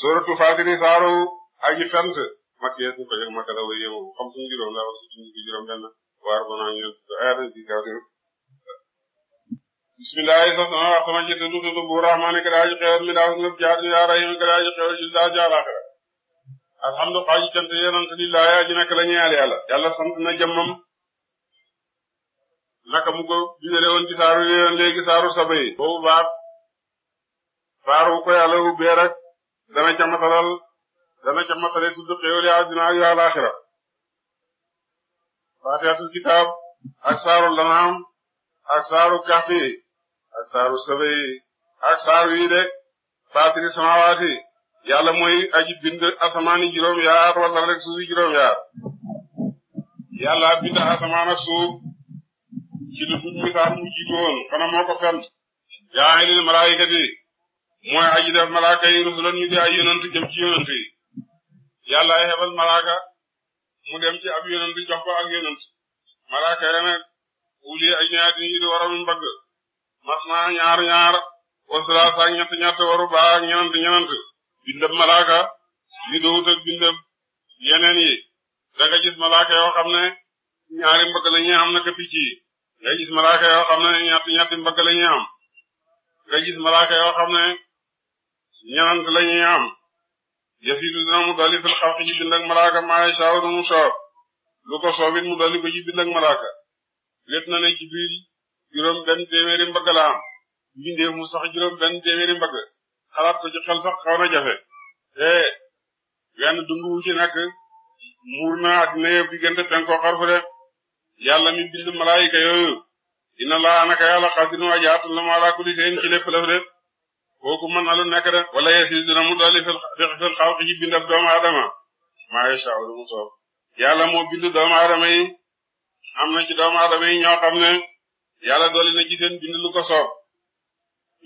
sóoratu Faatiri saaru aji fent makkiyee suñ ko yëg waar ba naa ñu ayata ci kaw dégg bismillahi sax sama wax sama jiitu tuuti tuuti bu rahmaani ka daa ji xewal mi yaa rahim ka daa ji xewal ji daa jaar axira alhamdu xaaji cant lillahi aji nekk la ñeel yàlla yàlla sant na jëmmam naka mu ko bindale woon ci saaru yéen léegi saaru saba yi baat saaru ko yàlla ubbee dana ca matalal dana ca matale tudd xéewal yi àddina ak yu àllaaxira faatihatul kitaab ak saaru lanaam ak saaru kahfi ak saaru saba ak saaru yi faatiri samaawaati yàlla mooy aji bind asamaani juróom yaar wala rek suufi juróom yaar yàlla bind asamaan ak suuf ci lu dul misaal mu jiitu kana moo ko fen yaa ngi leen mooy aji def malaaka yi rusulan ñu di ay yonent jëm ci yi yàlla ay xebal mu dem ci ab yonent jox ko ak yonent malaaka yi nag wuli na ñaati ñu di waram mbagg masna ñaar ñaar wasalaasa ak ñett ñett waru baa ak ñenant ñenant bindab malaaka yu dowut ak yi da nga gis malaaka xam ne ñaari mbagg la ñuy am naka picc yi nga gis malaaka yoo xam ne ñett ñetti mbagg la ñuy am nga gis malaaka yoo xam ne ñenant la ñuy am yasidu dina mu dali fil xalq ji bind ak malaaka maay mu soob lu ko soobit mu dali ko ji bind ak ne jibril juróom benn téeméeri mbagg la mu sax juróom benn téeméeri mbagg xalaat ko ci xel sax xaw na jafe te wenn dundu wu ci nekk muur na addina yëpp diggante mi bind malaayika yooyu dina laa naka yàlla xadirun aji attan la mu ala kulli shay'in ci kooku mën na lu nekk de wala yesi dina mu dolli fil fil xaw ci bindab doomu aadama maa yasha lu mu soob yàlla moo bind doomu aadama yi am na ci doomu aadama yi ñoo xam ne yàlla dolli na ci seen bind lu ko soob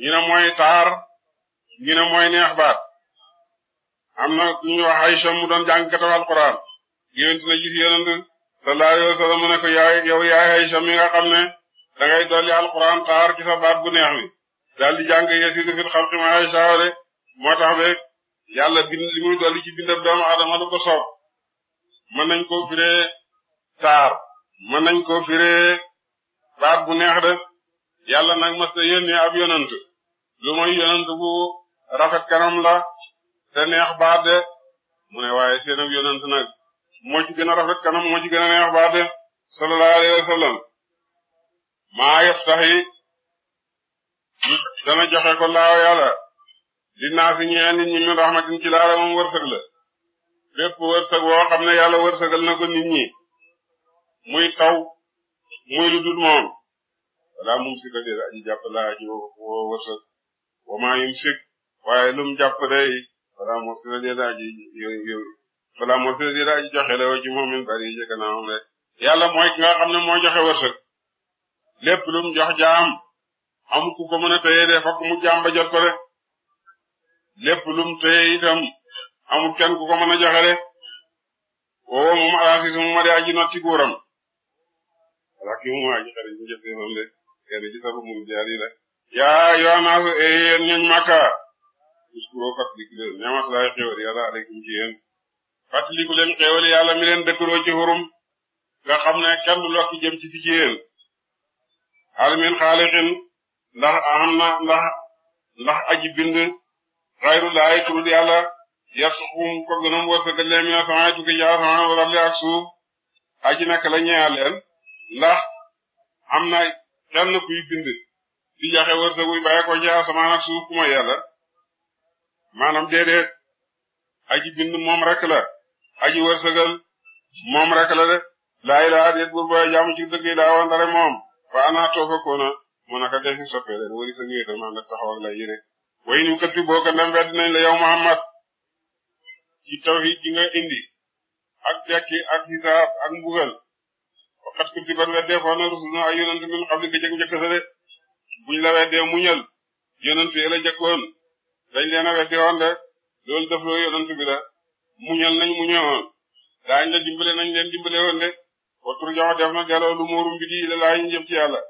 ñu ne mooy taar ñu ne mooy neex baat am na ku ñu wax Aysa mu doon jàng katam alquran yonent na gis yonent sallallahu alayhi wa sallam mu ne ko yaay yow yaay Aysa mi nga xam ne da ngay dolli alquran taar ci sa baat bu neex mi daal di jàng yasiidu fil xalqi maa yashaa de moo tax beeg yàlla bind li muy dolli ci bindab doomu aadama lu ko soob mën nañ ko firee taar mën nañ koo firee baat bu neex de yàlla nag mas na yónnee ab yonant lu mooy yonant bu rafet kanam la te neex baat de mu ne waaye seen ab yonant nag moo ci gën a rafet kanam moo ci gën a neex baat de sallallahu alayhi wa sallam maa yaftahi dana joxe ko laaw yàlla dinaa si ñeent nit ñi min rahmatin ci laala moom wërsëg la bépp wërsëg woo xam ne yàlla wërsëgal na ko nit ñi muy taw muy lu moom wala mum sika dér aji jàpp laa ji woo wërsëg wa maa yum sik lum jàpp day wala mor sila dér aji joxe la ci moom min bari jëkk naa moom rek yàlla mooy ki nga xam ne moo joxe wërsëg lépp lum jox jaam amul ku ko mën a téye de fokk mu jàmba jot ko de lépp lum téye itam amul kenn ku ko mën a joxe de woo moom alaasiis moom a de aji not ci guuram alaaki moom aji xare ñu jëf defam de kenn ci sabu mu jaari la yaa yoo naasu eeyeen ñooñ makka uskuroo fàttaliku leen mi leen dëkkaloo ci xurum nga xam ne kenn lokki jëm ci si ci yéen alamin ndax am na ndax ndax aji bind xayru laay turul yàlla yarsuxum ko gënum wërsëgal leen mina sama tukki ci asamaan wala ak suuf aji nekk la ñeya leen am na kenn kuy bind di jaxe wërsëguy bàyyi ko ci asamaan ak suuf ku ma yàlla maanaam déedéet aji bind moom rek la aji wërsëgal moom rek la de laa ilaa déet buur booy jaamu ci yi daa wandare fa ana toofa mu naka def ñu soppee leen wari sa ñëwee maam nag taxaw ak lay yéene boo ko ndam wedd nañ la yow Muhammad ci tawhid gi nga indi ak hisaab ak mbugal waxat ku tibat weddee foo na rusul ay yonent min xam li ko de buñ la weddee muñal yonent yi la jëkkoon dañ leen a weddi woon de loolu def loo yonent bi la muñal nañ muñe woon daañ la dimbale nañ leen dimbale de watur def na delloo lu mooru mbidi la laa jëf ci yàlla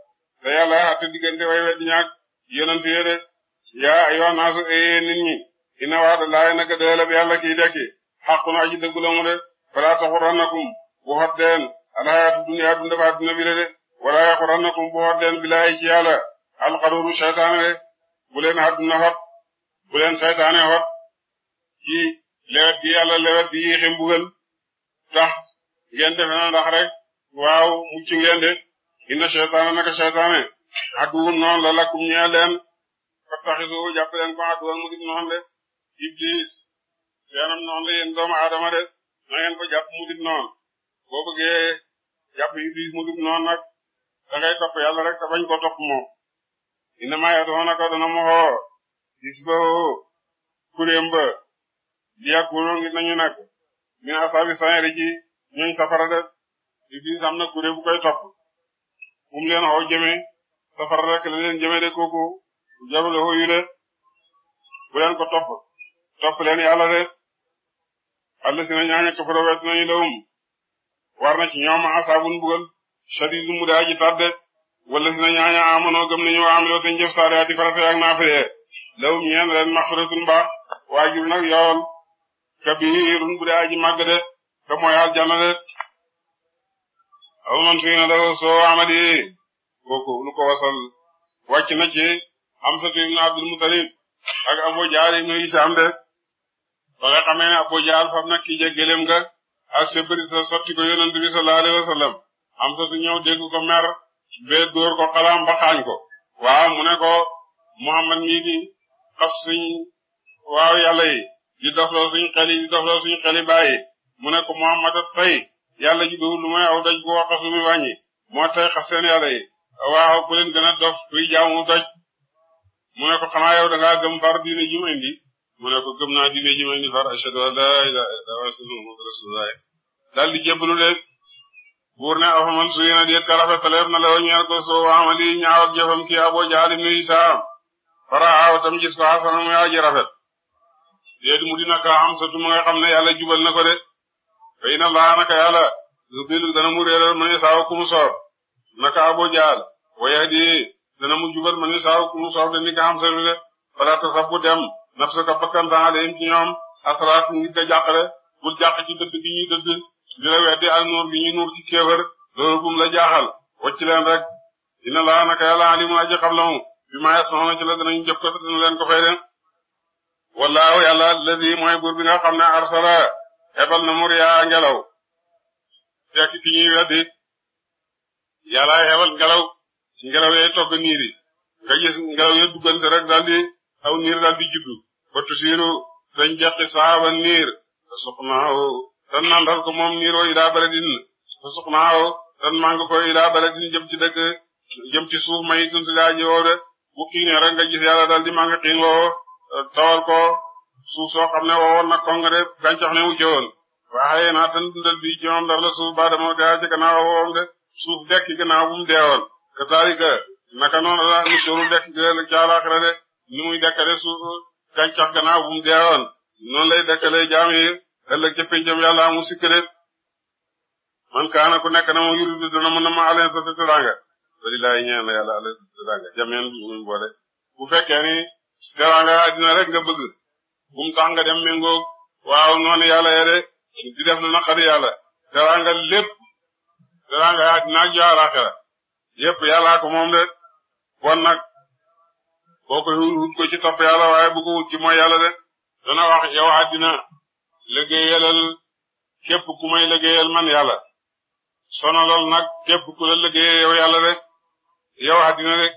te yàlla atte diggante way weddi ñaak yonent ye de yaa ayyuhan naasu ee nit ñi inna wa'da laahi naka deelab yàlla kii dekki xaqun aji dëggu la mu de falaa taxurannakum bu xot deen alxayaatu duniyaa dund fa adduna bi la de walaa yaxurannakum bu xot deen bilaahi ci yàlla alxaruuru seytaane de bu leen adduna xot bu leen seytaane xot ci lewet bi yàlla lewet bi yiixi mbugal tax ngeen defe na ndax rek waaw mucc ngeen de inna seytaana naka seytaane aduwun noon la lakum ñeel leen fattaxisu jàpp leen ko aduwan mu dib noon le iblis seenam noon la yéen doomu aadama de na ngeen ko jàpp mu noon boo bëggee jàpp iblis mu dib noon nag da ngay topp yàlla rek te bañ ko topp moom inna maa yatoona ka dana moxoo gis ba kuréem ba liyakuno ngi nañu nag min asaabi saneeri ci ñooñ safara de iblis am na kuré bu koy topp bu mu leen xaw jëme safar rek la leen jëme de kooku jarul yu de bu leen ko topp topp leen yàlla de àll si na ñaaña këfër wet nañu lawum war na ci ñoom asaabun bugal shadidu mu daa ji tàdde wala si na ñaaña amonoo gëm nañu wa amiloo te njëf saalihaati farata ak naafile lawum ñeen leen maxfiratun ba waajur nag yool kabirun bu daa ji màgg de te mooy aljanna de aw man fii na dafa soo lu ko wasal wàcc na ci Amsatu ibn Abdul Muttalib ak Abu Jahl ibn Hisham de ba nga xamee ne Abu Jahl na kii jégaleem nga ak sa sa sotti ko yonent bi sallallahu alayhi wa ñëw dégg mer bee dóor ko ba xaañ ko waaw mu ne Muhammad mii di suñ waaw yàlla yi di doxloo suñ xel yi di doxloo suñ xel yi bàyyi Muhammad at tey yàlla ji doxul lu may aw doj boo xasu mi wàññi moo tay xas seen yàlla yi waaw ku leen gën a dof kuy jaamu doj mu ne ko xanaa yow da gëm far diine ji ma mu ne ko gëm naa diine ji ma indi far ashhadu an la ilaha illallah muhammadu rasulullah daal di jébbalu de buur ne afaman suy na déet ka rafetaleef na la wa ko soo amali ñaaw ak jëfam ki abo jaalim nu isaam faraaw tam gis ko xasana muy rafet déet mu dina ka am sa tuma nga xam ne yàlla jubal fa inna allah naka yàlla yudillu dana mu réeral man yasaaw ku mu soob naka abu jaal wa yahdi dana mu jubal man yasaaw ku mu soob de ni ka xam selu de fala tasabbu dem nafsa ka bakkan sa alayhim ci ñoom asraat ngi ka jàqale bul jàq ci dëdd gi ñuy dëdd la weddi ak nuur gi ñuy nuur ci kéefër la jaaxal wacc leen rek inna allah naka yàlla alimu aji xam la mu bi ma yasmaxoona ci la danañu jëf ko dana ko fay de wallaahu yàlla lazi mooy buur bi nga xam ne arsala ebal na muriyaa ngelaw fekk ki ñuy weddi yàlla ebal ngelaw ngelaw yee togg niir yi ngelaw yee duggante rek daldi aw niir daldi juddu ba tusiiru dañ jeqi saaba niir fa suqnaaw tan nandal ko moom niir wa ilaa baladin fa suqnaaw tan mang ko ilaa baladin jëm ci dëkk suuf may tunti daa ji woo de bu xiinee rek nga gis daldi mang xiin woo tawal ko suuf soo xam ne woowoon na kong de gàncax ne wu jëwoon waaye naa tan dundal bi jomam dara la suuf ba dama gaa ci gannaaw woon de suuf dekk gannaaw bu mu deewoon ka zalika naka noonu la nu sóoru dekk gël ca àllaaxira de ni muy dekkale suuf gàncax gannaaw bu mu deewoon noonu lay dekkale jaam yi ëllëg ca pencam yàlla mu sikk de man kaana ku nekk na mu yuridu dana mën na aleen sa sa tedanga walilaay ñeen la yàlla aleen sa sa tedanga jameen bi mu boole bu fekkee ni garanga àddina mu tax nga dem méngoog waaw noonu yàlla yére di def na naqari yàlla teraanga lépp teraanga àddina ak joo àllaaxira yépp yàllaa ko moom de bon nag boo ko wut ko ci topp yàlla waaye bu wut ci mooy yàlla de dana wax yow àddina liggéeyalal képp ku may liggéeyal man yàlla sonalal nag képp ku la liggéeyee yow yàlla de yow àddina de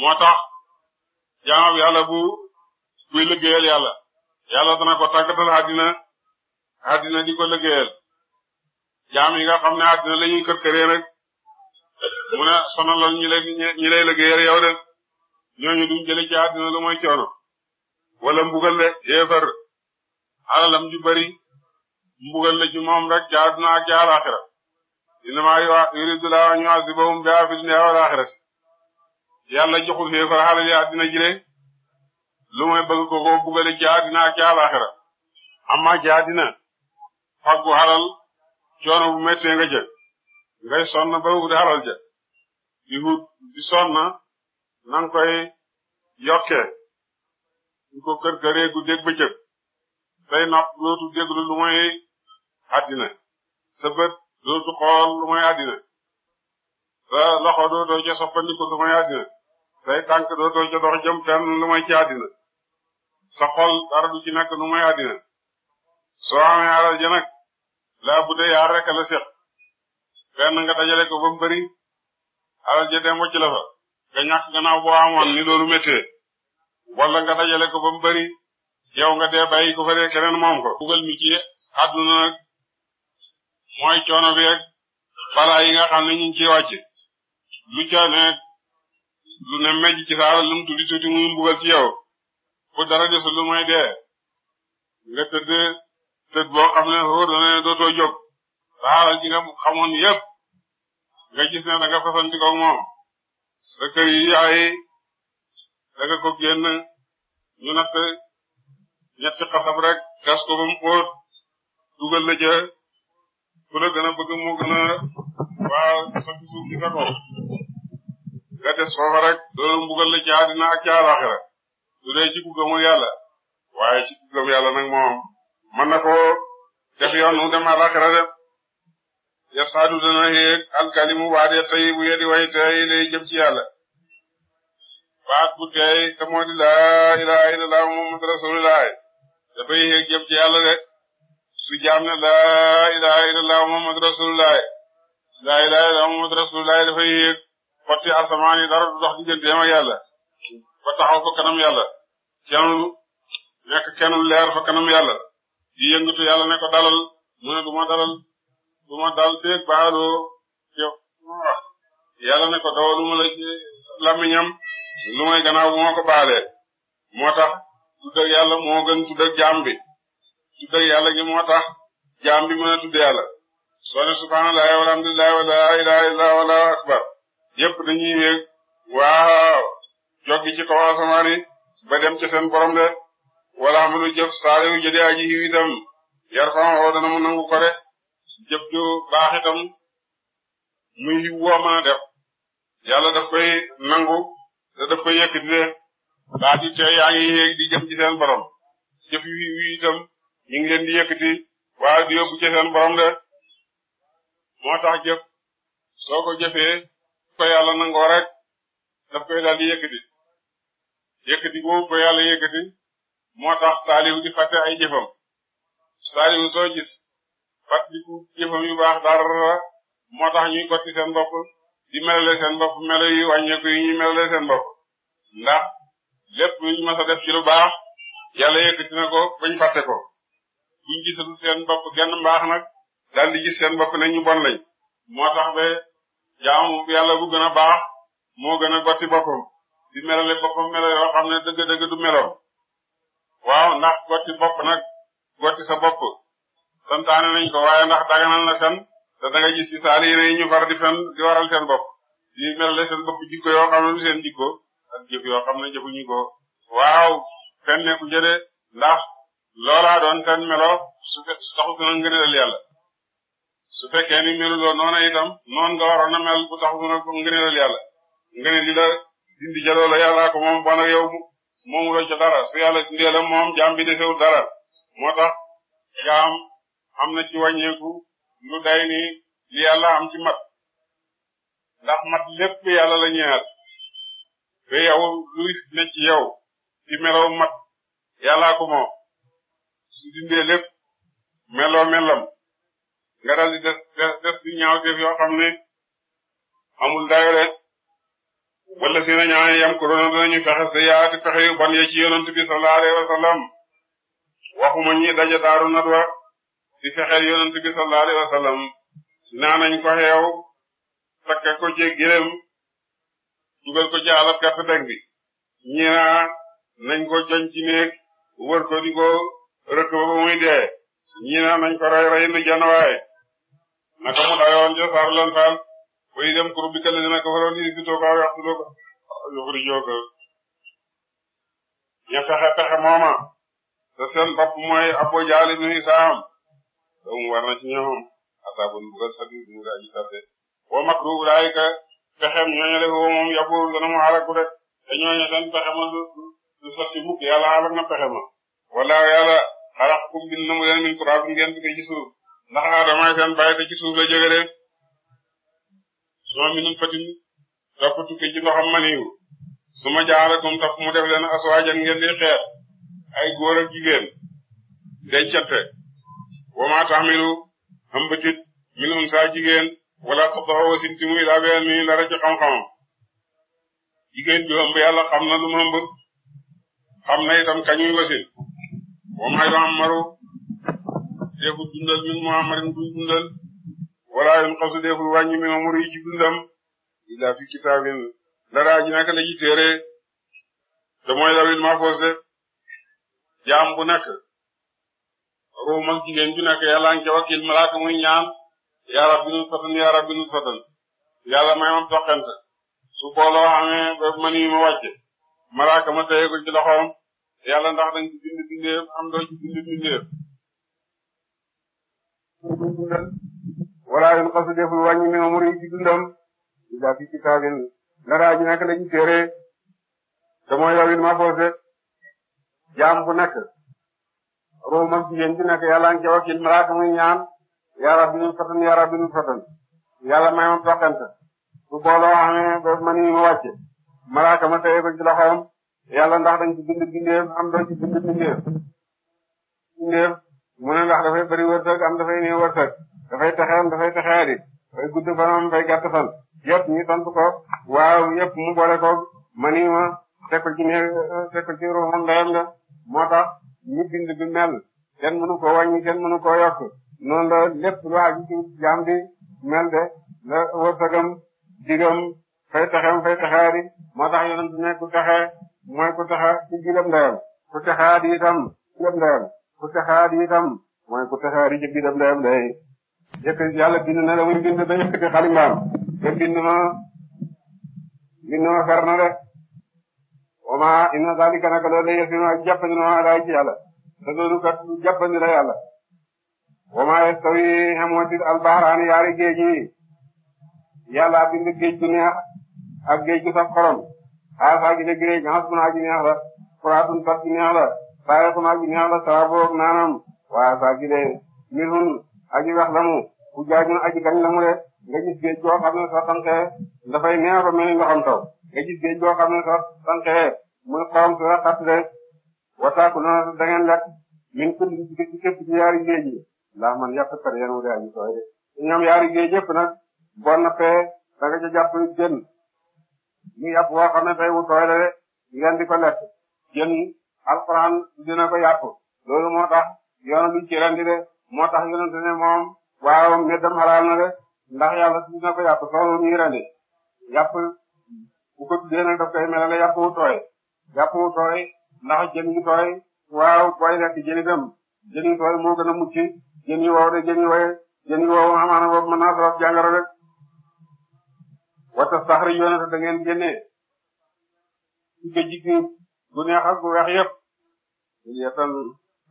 moo tax jaamab yàlla bu kuy liggéeyal yàlla yàlla dana ko tàggatal àddina àddina di ko liggéeyal jaam yi nga ne àddina la ñuy kër këree rek mu ne sonalal ñi lay ñi lay liggéeyal ci àddina lu mooy coono wala mbugal de yéefar alalam ju bari mbugal la ci moom rek ci àddina ak ci àlaxira innama yuridu laa an yu'azzibahum bihaa fid dunya wal aaxira yàlla joxul yéefar xaalal yi àddina ji de lu mooy bëgg ko koo bugale ci àddina ak ci àlaxira amma ci àddina faggu xalal coono bu metti nga jël ngay sonn ba wut xalal ja di wut di sonn na nga koy yokkee gu dégg ba say nopp dootu déglu lu mooy àddina sa bët dootu xool lu mooy àddina sa loxo dootoo ca say tànk dootoo ca dox jëm fenn ci àddina sa xol dara du ci nekk nu may àddina soo amee alal ja nag laa budde yaar rek la seq benn nga dajale ko ba mu bëri alal ja dem wacc la fa nga ñàkk gannaaw boo amoon ni loolu méttee wala nga dajale ko ba mu bëri nga dee bàyyi ko fa dee keneen moom ko bugal mi ci àdduna nag mooy coono bi rek balaa nga xam ne ñu ngi ciy lu ca lu ne mejj ci saara lu mu tuddi muy mbugal ci yow bu dara desul lu may dee nga tëdd tëdd boo xam ne roo dana dootoo jóg saxaaral ci yépp nga gis ne da nga fasantikook moom sa kër yi yaay da nga ko ñetti xasab rek gas ko ba mu xóot la ca ku gën bëgg moo gën a waa suuf di sa nga des foofa rek loolu mbugal la ca àddina ak su dee ci ku gëmul yàlla waaye ci ku gëm yàlla nag moom mën na koo def yoon wu dem àllaaxira dem yasaadu dana yéeg alkalimu baat ya tayibu ya di way tey lay jëm ci yàlla baat bu tey te moo di laa ilaaha illallah muhammad rasulullah dafay yéeg jëm ci yàlla de su jaam ne laa ilaaha illallah muhammad rasulullah laa ilaaha illallah muhammad rasulullah dafay yéeg xotti asamaan yi dara du dox digganteem ak yàlla ba taxaw fa kanam yàlla Ceerno nekk kenn leer fa kanam yàlla di yëngatu yàlla ne ko dalal mu ne du ma dalal du ma dal feeg baaloo yow yàlla ne ko dawal lu ma la làmmiñam lu may gannaaw bu ma ko baalee moo tax tudd ak yàlla moo gën tudd ak jaam bi tudd ak yàlla gi moo tax jaam bi mën a tudd yàlla soo ne subhaanallahi walhamdulillahi wala ilaha illa wallahu akbar yépp dañuy yéeg waaw joggi ci kaw asamaan yi ba dem ci seen borom de wala amalu jëf saalihu jëde aji yiw itam yar fan woo mu nangu ko de jëf ju baax muy yiw woo mën a def koy nangu te koy yëkkati de daa di tee yaa di jëm ci borom jëf yu yiw itam di yëkkati waaye di yóbbu ci borom de moo tax jëf soo ko jëfee ko yàlla rek daf koy daal di yëkkati yëkkati boobu ko yàlla yëkkati moo tax saalihu di fàtte ay jëfam saalihu soo gis fàttaliku jëfam yu baax dara moo tax ñuy gotti seen bopp di melale seen bopp melo yu wàññeeku yi ñuy melale seen bopp ndax lépp luñ mës def ci lu baax yàlla yëkkati na ko bañ fàtte ko buñ gisatu seen bopp genn mbaax nag daal di gis seen bopp ne ñu bon lañ moo tax ba jaamu yàlla bu gën a baax moo gën a gotti boppam di melale boppam melo yoo xam ne dëgg-dëgg du meloo waaw ndax gotti bopp nag gotti sa bopp santaane nañ ko waaye ndax daganal na fen te danga gis ci saali yi ñu far di fen di waral seen bopp di melale seen bopp jikko yoo xam ne du seen jikko ak jëf yoo xam ne jëfuñu ko waaw fen ne ku jëde ndax loolaa doon seen melo su fe taxu suna ngëneel yàlla su fekkee ni meluloo noona itam noon nga waroon a bu taxu suna ngëneel yàlla ngëneel yi dindi ca loola yàllaa ko moom bon ak yow moomuloo ca dara su yàlla dindee la moom jaam bi defewul dara moo tax jaam am na ci wàññeeku lu day ni li yàlla am ci mat ndax mat lépp yàlla la ñëwaat te yow luy ne ci yow ci melow mat yàllaa ko moom su dindee lépp meloo melam nga dal des des des di ñaaw def xam ne amul dayo de wala si na ñaane yam kuroona danañu fexe sa yaati pexe yu ban ya ci yonent bi wa sallam waxuma ñi daje daaru nadwa di fexeel yonent bi sallallahu alayhi wa sallam naa nañ ko xeew takka ko ci gëlëm dugal ko ci alab gàtt bi ñi nañ ko coñ ci néeg wër ko di rëkk ba muy dee ñi nañ ko rey reyndu janawaay naka mu dayoon jo saar lan faal way dem kuru bi kale dina ko faroon yi gitoo ko aw yàqu doo ko yoxuri joo ko ña fexe pexe mooma te seen bopp mooy abo jaali ibnu hisaam doomu war na ci ñoom asaabun bugal sadi ñu nga aji tarde wa makru ulaayika pexem ñooñu def woo moom yabur dana mu xalaku rek te ñooñu seen pexe ma du du sotti mukk yàlla xalak na pexe ma wala yàlla xalaq kum bind na mu leen min turaab ngeen bi ci suuf ndax aadama seen bàyyi te ci suuf la jóge de suma minum fatin topp tukki ci loxam maniwu su ma jaxalakum tax mu def leen aswaajan ngeen di xeer ay góor ak jigéen dencante wama taxmilu xambatit min um saa jigéen wala xabaxa wasinti muy laa been mi dara ci xam jigéen bi ëmb yàlla xam na lu mu ëmb xam na itam kañuy wasin wama yu amaru defu dundal min muhammadin duñ dundal wala yun xasu deful wàññi min umri yi ci dundam illa fi kitaabin dara ji nekk la ci téere te mooy lawil jaam bu nekk ruum jigéen ju nekk yàlla nga wakil malaaka muy ñaan yaa rabbi nu satan yaa rabbi nu satan yàlla su booloo xamee mani ma wàcce malaaka ma teye ko ci loxoom ndax dañ ci bind am doo ci bind wala yun deful wàññi mi umur yi ci dundam illa fi kitaabin dara ji nekk la ci téere te mooy yawil mahfuuz jaam bu nekk roo mam jigéen nekk yàlla ngi wakil malaaka muy ñaan ya rabbi nu fatan ya rabbi nu fatan yàlla may ma toqante bu booloo ma wàcce malaaka ma teye ko ci loxoom ndax dañ ci bindeef am doo ci bindeef mu ne ndax dafay bari wërsëg am dafay néew wërsëg dafay texeel dafay texeel it dafay gudd fanam dafay gàtt fan yëpp ñu tontu ko waaw yëpp mu boole ko maniima teg ko ci ne teg ko ci ruuxam ndeyam la moo tax ñu bind bi mel kenn mënu ko wàññi kenn mënu ko yokk noonu la lépp lu aju ci jaam mel de la wërsëgam digam fay texem fay moo tax yonent ne ku texe mooy ku texe ci biiram ndeyam ku texaadi itam biiram ndeyam ku texaadi itam mooy ku texaari ci jëkk yàlla bind na la muy bind ba ñu fekk xalimbaam te na bind na de wama inna dalika naka loolu lay ak jàppandi na ala ci yàlla te loolu kat jàppandi la yàlla wama yastawi xamootit albaaraani yaari géej yi yàlla bind géej gu neex ak géej gu saf xorom xaasaa gi de géej xas bu naa gi neex la furaatun saf gi neex la saayatu naa gi neex naanam waa saa gi de aji wax la mu ku jaajun aji gañ la mu de nga gis géej boo xam ne soo tànkee dafay neex ba ndoxam taw nga gis géej boo xam ne soo tànkee muy xorom su la xat de wataaku na da ngeen lekk min kulli ci képp ci yaari géej yi laa man yàq par yéen wu de aji sooy de ñoom yaari géej yëpp nag boo nappee da nga ca jàpp jën ñu yàpp woo xam ne tey wu tooy la de ngeen di ko lekk jën alxuraan dina ko loolu moo tax yoonu luñ ci rendi moo tax yonent ne moom waaw meddam xalaal na de ndax yàlla tudd na ko yàpp soow ñuy rendi yàpp bu ko tuddee nag daf koy melale yàpp wu tooy yàpp wu tooy ndax jën yu tooy waaw booy lekk jën jën yu tooy a mucc jën yu wow de jën yu woye jën yu wow rek wata saxri yonent da ngeen génnee ci ko jikki bu neex ak bu weex yëpp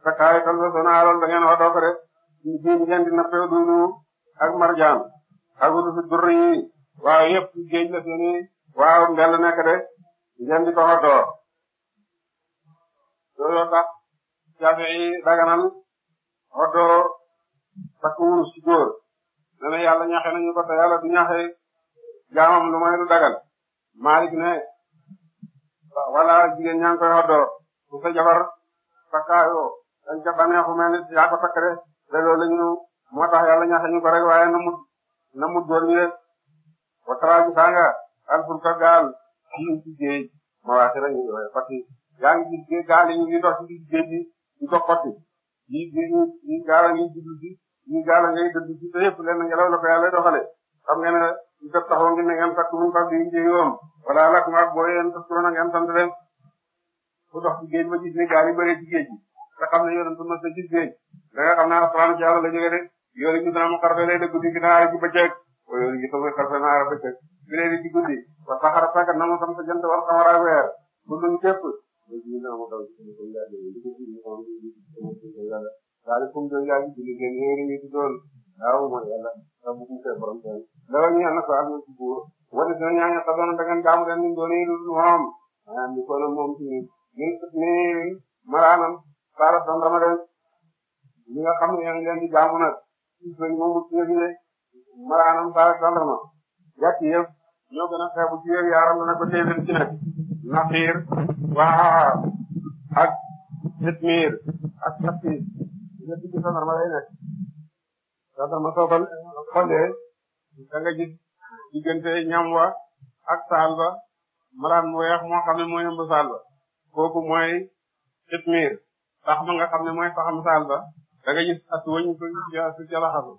takkaay tal sa sona alal da ngeen waxdoo ko rek ñu géej ngeen di nappee duulu ak marjaan ak wutu durr yi waaw yëpp géej la seeni waaw mbel nekk de ngeen di ko waxdoo looloo tax jafe yi daganal waxdoo takk wurus ci góor ne ne yàlla ñaxe nañu ko te yàlla du ñaxe jaamam lu may du dagal Malik ne wala jigéen ñaa ngi koy waxdoo su sa jabar takkaayo dañ ca bànneexu mel ni yaa ko takk de te loolu la ñu moo tax yàlla ñaaxe ñu ko rek waaye na mu na mu doon ñu de watara gi sanga alfulka gaal ci ci géej ma waa si rañu yooyu fatti yaa ngi gis géej gaal yi ñu ngi dox ci géej gi ñu ko xotti yi yi gaal a ngi jublu ci yi gaal a ngay dëdd ci te yëpp leen ngelaw la ko yàlla doxale xam ngeen ne ñu def taxaw ngi ne ngeen takk mu fab yi jéeyoom wala lak maak boo yeen tas kurona ngeen sant leen ku dox ci géej ba gis ne gaal yi bëre ci géej gi nga xam ne yonent mos a gis géej da nga xam ne alxuraan ci yàlla la jógee de yoonu gis naa mu xarfe lay de guddi gi naara ci bëccëg wa yoonu gis amuy xarfe naara bëccëg bi lay di ci guddi wa saxara fekk na mu sam sa jant wal xamara weer kullum képp léegi naa mu daw ci suñu koy yàgg li ko gis moom suñu koy yàgg daal di kum koy yàgg ci liggéey yooyu ñu ci doon waaw mooy yàlla sa bu ñu koy borom seen dawa ñu yàlla ko am na ci buur wala dina ñaaña sa doon da ngeen jaamu leen ñu doon yi lu moom maanaam di ko moom ci ni ñu sut ni maraanam Saara Sane Ramadan ñi nga xam ne ñoo ngi jaamu nag gis nañu moom bu ñu gisee ñoo gën a xeebu ci yëf yaaram dana ko téeméer ci nag naxiir waa ak xitmiir ak xattiir nga gis diggante ñam wa ak saal ba malaan mu weex moo xam ne mooy ëmb saal kooku mooy xitmiir pax ma nga xam ne mooy paxam saal ba da nga gis at wëñ ko su ca laxasu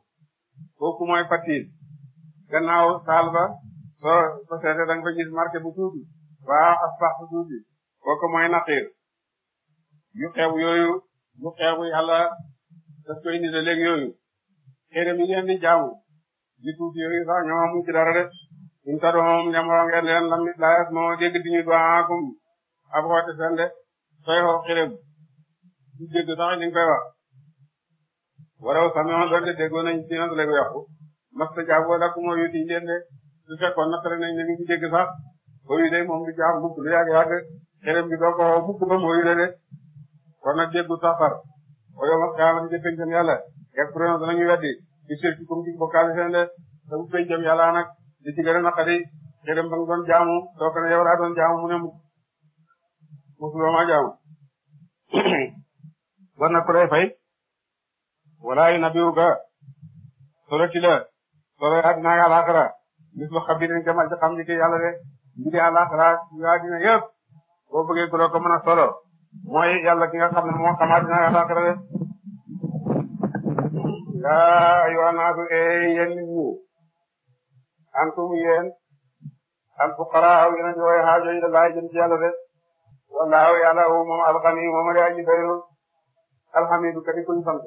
kooku mooy fatiin gannaaw saal ba soo ko seetee da nga fa gis marqué bu tuuti waa as pax bu tuuti kooku mooy naqiir yu xeebu yooyu yu xeebu yàlla daf koy nide léegi yooyu xëy mi ngeen di jaamu di tuuti yooyu sax ñoom amuñ ci dara def in tadohum jamoo ngeen leen lam nit laas moo dégg di ñu duwaakum ab xoote seen de sooy xoo xireb du dégg sax li nga koy wax waraw samion doonte déggoo nañ ci nag lay yàqu masta jaaboo lakk moo yu tiñ leen de su fekkoon naqare nañ ne ñu ngi dégg sax moo yu de moom du jaar mukk lu yàgg yàgg xerem bi doo ko xaw mukk ba moo yu de de kon nag déggu sax far o yow mas yàlla mu jë pencam yàlla yàgg purona danañu weddi di sirki comme ci bokkaale seen de da bu pencam yàlla nag di ci gën a naqari xerem ba nga doon jaamu doo ko ne yow laa doon jaamu mu ne mukk musuloo maa jaamu bon nag ku solo ci solo yaa dina ak alaxira mis lu xabirin jamal ci xam ci yàlla de mbiri alaxira yaa dina yëpp boo bëggee a solo mooy yàlla ki nga moo xamaa dina ak alaxira de yaa ayyuha naasu ee antum yéen al fuqaraa yéen a ñu way xaajo yi da laay jëm ci yàlla de wallaahu yàlla moom alxani moom la alxamidu kati kuñ sant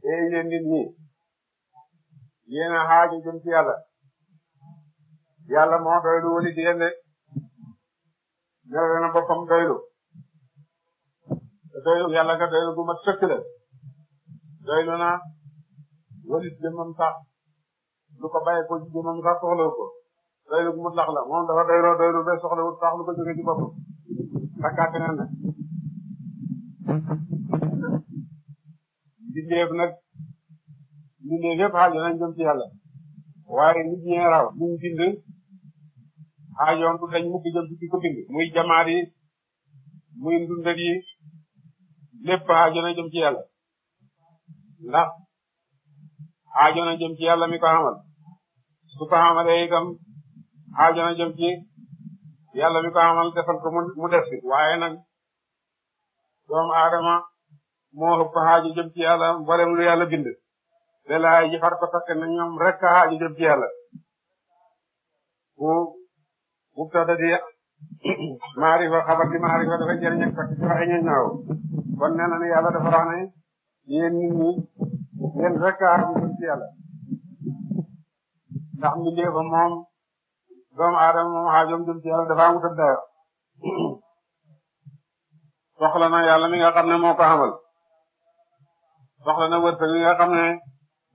te yéen nit ñi yéen a xaaju jëm ci yàlla yàlla moo doylu wali di leen de ñëw na boppam doylu te doylu yàlla ka doylu gu mat sëkk la na wali jëmmam sax lu ko bàyyi ko ci jëmmam sax soxlawu ko doylu gu mut lax la moom dafa doyloo doylu ba soxlawut sax lu ko jóge ci boppam mbindeef nag mbindeef yëpp xaajo nañ jëm ci yàlla waaye nit ñee raw ñu ngi bind xaajoom dañ mukk jëm ci ki ko muy jamaar yi muy ndundal lépp xaajo na jëm ci yàlla ndax xaajo na jëm ci yàlla mi ko xamal su ko xamalee itam xaajo na jëm ci yàlla mi ko xamal defal ko mu des waaye nag doomu aadama moo ëpp xaaju jëm ci yàlla mboolem lu yàlla bind belaay ji far ko takk na ñoom rek a xaaju jëm ci yàlla bu bu tada di maarifa xabar di maarifa dafa jëriñ ak fàcc ci waxe ñu ñaaw kon nee yàlla dafa wax ne yéen nit ñi yéen rek a xaaju jëm ci yàlla ndax mbindeefam moom doomu aadama moom xaajoom jëm ci yàlla dafa amut ak soxla na yàlla mi nga xam ne moo ko soxla na wërsëg mi nga xam ne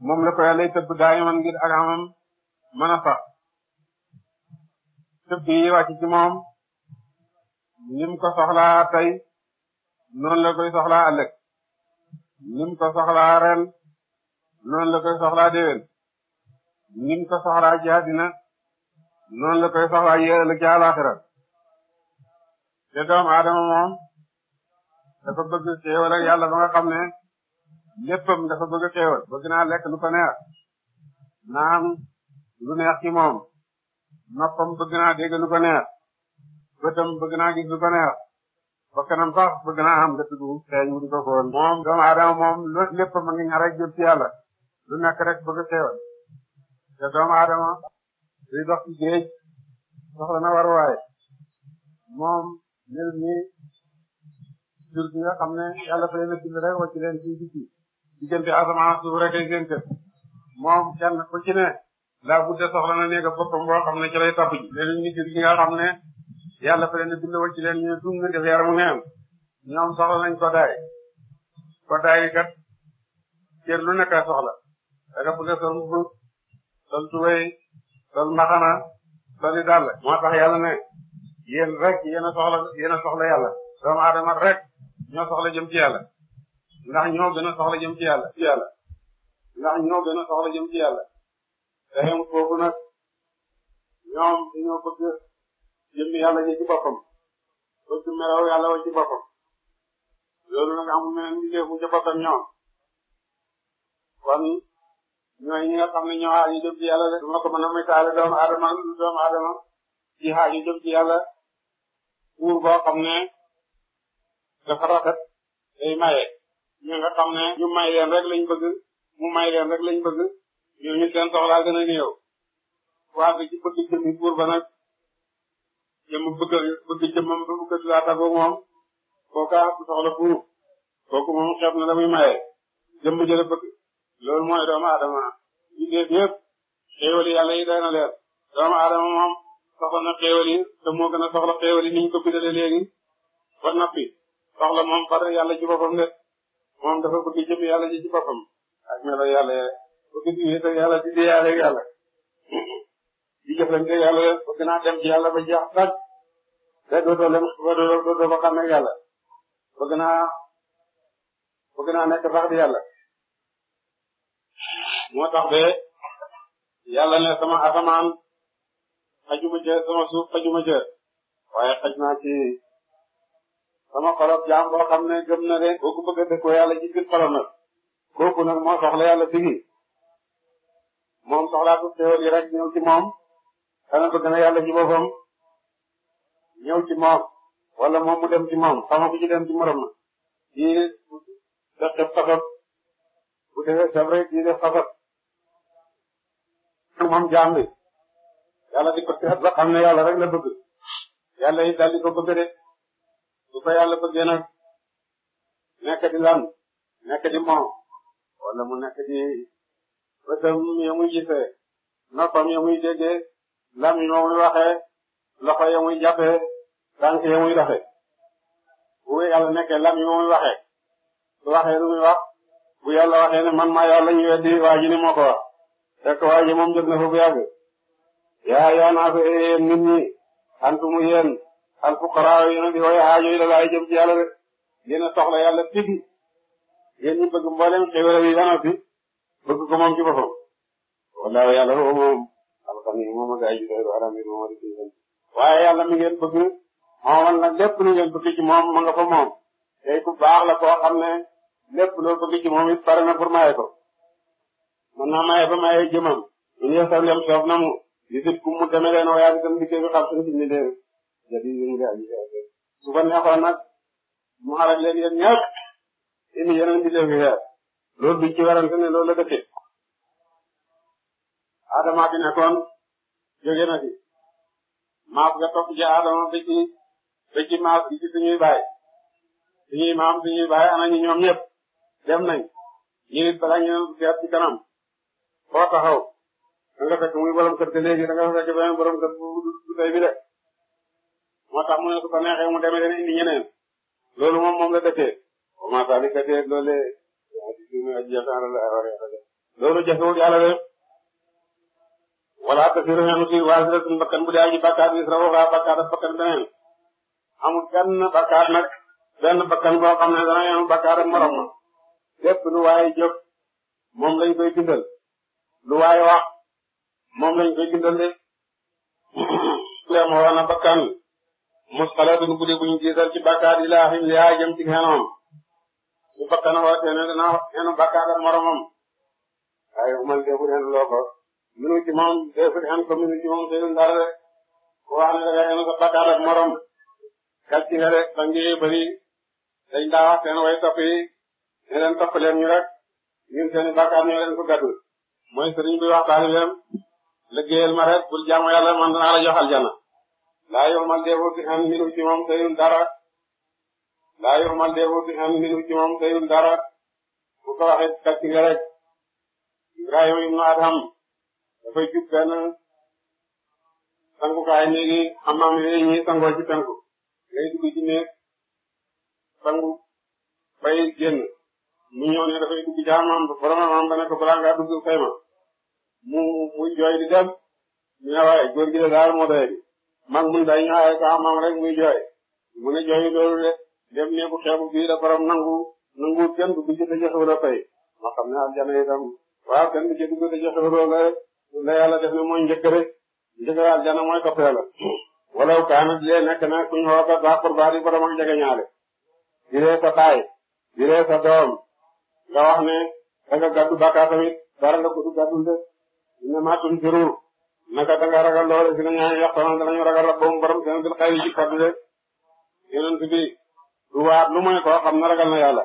moom la ko yàlla tëbb daañu man ngir ak xamam mën a sax tëbb yi wàcc ci moom nim ko soxlaa tey noonu la koy soxlaa ëllëg nim ko soxlaa ren noonu la koy soxlaa déwén nim ko soxlaa ci àddina noonu la koy soxlaa yéen ëllëg ci àllaaxira te doomu aadama moom dafa bëgg xéewal ak yàlla ba nga xam ne léppam dafa bëgg xéewal bëgg naa lekk lu ko neex naam lu neex ci moom noppam bëgg naa dégg lu ko neex bëtam bëgg naa gis lu ko neex ba kanam sax bëgg naa am gëtt gu xeeñ mu di ko foon moom doomu aadama moom léppam a ngi ñaar rek jëm ci yàlla lu nekk rek bëgg xéewal te doomu aadama luy dox ci géej soxla na moom mel ni jur gi nga xam ne yàlla fay na bind rek wàcc leen ci biti diggante asamaan suuf rek ay gën kër moom kenn ku ci ne laa budde soxla na néega ne ci lay topp ji jur gi nga xam ne yàlla fay na bind wàcc leen ne dum na def yaramu neen ñoom soxla nañ ko daay ko daay kat cër lu nekk soxla danga bëgg a sol mbubu sol tubéy sol mbaxana moo tax yàlla ne yéen rek yéen a soxla yéen a soxla yàlla rek ñoo soxla jëm ci yàlla ndax ñoo gën a soxla jëm ci yàlla ci ñoo gën a soxla jëm ci yàlla te yem foofu nag ñoom dañoo bëgg jëm yàlla ji ci boppam bëgg melaw yàlla wa ci boppam loolu nag amul meneen liggéey bu ca boppam ñoom kon ñooy ñi nga xam ne ñoo aaju jëm ci yàlla de du ma ko mën a misaale doomu aadama doomu aadama ci aaju jëm ci yàlla pour boo xam ne dafa rafet day maye nga xam ne ñu may leen rek lañ bëgg mu may leen rek lañ bëgg ñooñu seen soxlaa gën a néew waa bi ci bëgg jëmmi buur ba bëgg jëmmam ba bëgg laa tagoo moom kooka bu soxla buur kooku moom xeeb na la maye jëmm jëla bëgg loolu mooy doomu aadama yi def yëpp xéewal yi yàlla yi doy na doomu aadama moom soxla na xéewal yi gën a soxla xéewal niñ ko bindale léegi ba noppi soxla moom far yàlla ci boppam de moom dafa bëgg jëm yàlla ji ci boppam ak melo yàlla bëgg di wéet yàlla di yàlla ak naa dem ci yàlla ba jeex sax te dootoo lem ba ba xam ne yàlla bëgg naa bëgg naa nekk sax di yàlla moo tax be yàlla ne sama asamaan xajuma jë sama suuf xajuma jë waaye xaj naa ci sama xolof jaam boo ne gëm na de kooku bëgg a dëkkoo yàlla ci biir xolam nag kooku nag moo soxla yàlla fii moom soxlaatu teewal yi rek ñëw ci moom dana bëgg na yàlla ci boppam ñëw ci moom wala moom mu dem ci moom sama ku ci dem ci morom na kii def def xasab bu defee sab rek moom jaam bi di ko teet ba xam ne yàlla rek la bëgg yàlla yi daal di ko bëgg de su ko yàlla bëggee nag nekk di lan nekk di moo wala mu nekk di bëtam ya muy gisee noppam ya lam yi muy waxee loxo ya muy jàppee tànk ya bu yàlla nekkee lam yi muy waxee su waxee wax bu yàlla waxee ne man maa yàlla ñu weddi waa ni moo wax fekk waa moom jot na fa yàgg yaa yaa naa ko nit ñi antumu yéen al fuqaraa yéen di way aajo yi la jëm ci yàlla de yéen a soxla yàlla tigi yéen ñu bëgg mboolem xéwal yi dana fi bëgg ko moom ci boppam. wallaahi yàlla moom moom alxames moom ak yu bëri waala mi moom a di waaye yàlla mi ngeen bëgg moomal nag lépp ngeen bëgg ci moom ma nga fa moom tey ku baax la koo xam ne lépp loo bëgg ci moom it pare na maye ko mën naa maye ba maye jëmam. ñu ngi leen di soof na mu. di sit ku mu demee leen waaye jadi yéen ngi aji su ko neexoon nag mu xarak leen yéen ñëpp indi yeneen bi léegi weer loolu duñ ci warante ne loolu la dëkkee Adama bi nekkoon na fi maaf nga topp ci Adama ba ci maaf bi ci suñuy baay suñuy maam suñuy baay anañu ñoom ñëpp dem nañ ñu nit balaa ñu seet ci kanam foo taxaw da nga fekk muy borom kër ga léegi da nga fekk beneen borom kër bu bu tey bi moo tax mu ne su neexee mu demee dana indi ñeneen loolu moom moom la defee comment ça li katee loolu loolu si rexeenu si bakkan bu dee aji bakkaar bi sra waxaa bakkaar bakkan beneen amul benn bakkaar nag benn bakkan boo xam ne dana yenu bakkaar ak ma lépp lu waaye jëf moom lañ koy bindal lu waaye wax moom lañ koy bindal de lem na bakkan musqalatun guddi bu ñu jiital ci bakkaar ilaa him liyaa jëm ci xenoom su bakkanam war a xenu dana xenu bakkaar ak moromam waaye bu man defut xenu loo ko minu ci moom defut xen ko minu moom xenu dara de ko wax ne daga xenu sa bakkaar ak morom gal ci nga de bari dañ daa wax seen way topp yi ne leen topp leen ñu rek ñun seeni bakkaar ñoo leen ko mooy sëriñ bi wax taalibeem liggéeyal ma rek bul jaamu yàlla man danaa la laa yomal deebo ci xen minu ci moom tayun dara laa yomal deebo ci xen minu ci moom tayun dara bu ko waxee kàcc nga rek Ibrahima ibnu Adham dafay jub benn sangukaay léegi xamaam yooyu ñuy sangoo ci penku ngay dugg ci néeg sangu bay mu ñëw ne dafay dugg jaamam boromam ba ne dugg fay ma mu jooy di dem ñu ne waaye góor gi de daal moo doye bi mag muy day ñaaye ka maam rek muy jooy mu ne jooyu loolu de dem ne bu xeebu bii da nangu nangu kenn du ci daje xewla fay ma xam ne aljana itam waaw kenn du ci dugg daje xewloo la rek la ne mooy njëkk rek aljana mooy toppee la walaw kaana di lee nekk na kuñ xooba ba qurba di borom ak jege ñaale sa baay di sa doom nga wax ne da nga gàddu tamit dara la ko du gàddul de inna ma tunziru naka danga ragal loole dina ñaan yaqoon danañu ragal rabboom borom seen bil xayri ci fadle yonent bi du waat lu mooy koo xam ne ragal na yàlla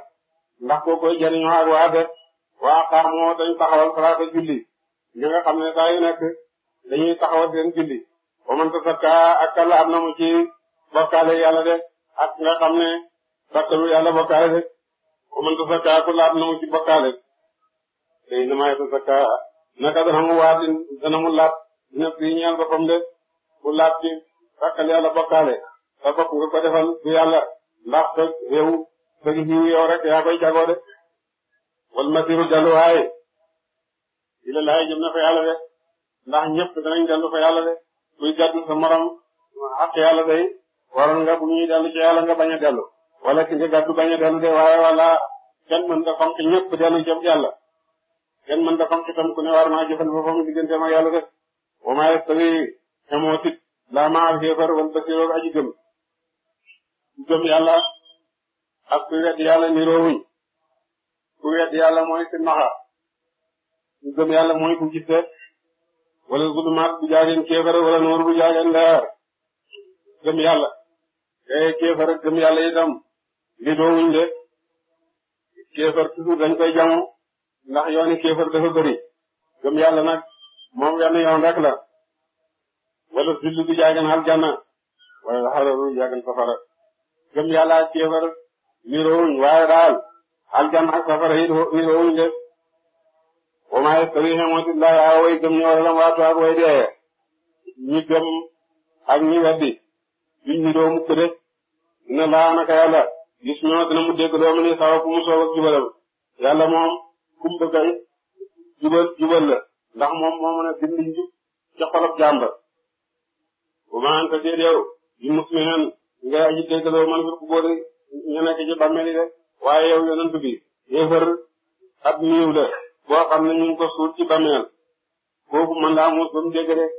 ndax koo koy jëriñoo ak waa waa xaar moo dañ taxawal salaata julli ñi nga xam ne saa nekk dañuy taxawal seen julli wa man tasakka ak kàlla am na mu ci yàlla de xam ne sakkalu yàlla bokkaale de wa man tasakka ku la am na mu ci bokkaale te innamaa yatasakka naka dana mu waat dana mu laat ñëpp yi ñeel boppam de ku laaj ci rakkal yàlla bokkaale ba bopp nga ko defal ci yàlla ndax fekk réew fekk jiwu rek yaa koy jagoo de wal masiru delluwaaye ila laay jëm na fa yàlla de ndax ñëpp danañ dellu fa yàlla de kuy gaddu sa morom xaq yàlla day waroon nga bu ñuy ci yàlla nga bañ a dellu wala ki nga gaddu bañ a dellu de waaye wala kenn mën da fonk ñëpp dellu jëm yàlla kenn mën da fonk tam ku ne war naa jëfal boppam digganteem ak yàlla de wa maa yastawi xemootit laa ma al xéefar wal basiroog aji gëm ku gëm yàlla ak ku wedd yàlla niroowuñ ku wedd yàlla mooy si naxa ku gëm yàlla mooy ku gisse wala zulumaat bu jaageen wala nuur bu jaageen gëm yàlla kay kéefar gëm yàlla itam niroowuñ de kéefar toujours dañ koy jamu ndax yooni kéefar dafa bëri gëm yàlla nag moom wenn yoon rek la wala zillu du jaagan aljanna wala xararu jaagan safara gëm yàlla ak kéefar niroowuñ waaye daal aljanna ak safara yi niroowuñ de wa maa yastawi xamatillaahi a gëm ñoo waatu ak way dee ñi gëm ak ñi weddi duñ niroo mukk de dina laa naka yàlla gis ñoo dina mu dégg loo sawa ku mu soob ak jubalam yàlla moom kum bëgg jubal jubal ndax moom moo mën a bind ca xolof jàmba bu ma anta déet yow bi musminen nga aji déggloo man fi ku boole ñu nekk ci yi de waaye yow yonent bi yéefar ab miiw la boo xam ne ñu ko suul ci bàmmeel kooku man laa muus ba mu dégg rek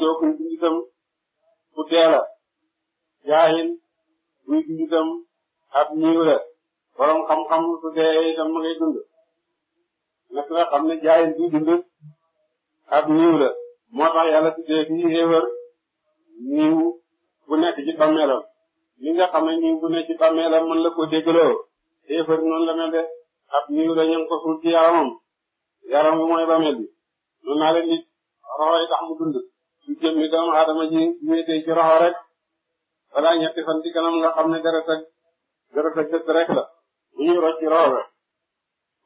doo kuy dund itam ku teela jaahil buy dund itam ab miiw la borom xam-xam su dee itam ma ngay dund na nga xam ne jaayeen bi dund ab niiw la moo tax yàlla tuddee fii xéewar niiw bu nekk ci bàmmeelam li nga xam ne niiw bu nekk ci bàmmeelam mën la ko déggloo xéefar noonu la mel de ab niiw la ñam ko suul ci yaramam yaram bi mooy bàmmeel bi noonu naa leen nit roxoy tax mu dund su jëm ni doomu aadama ji wéetee ci roxo rek balaa ñetti fan ci kanam nga xam ne deret ak deret rek la bu ñuy rocc roxo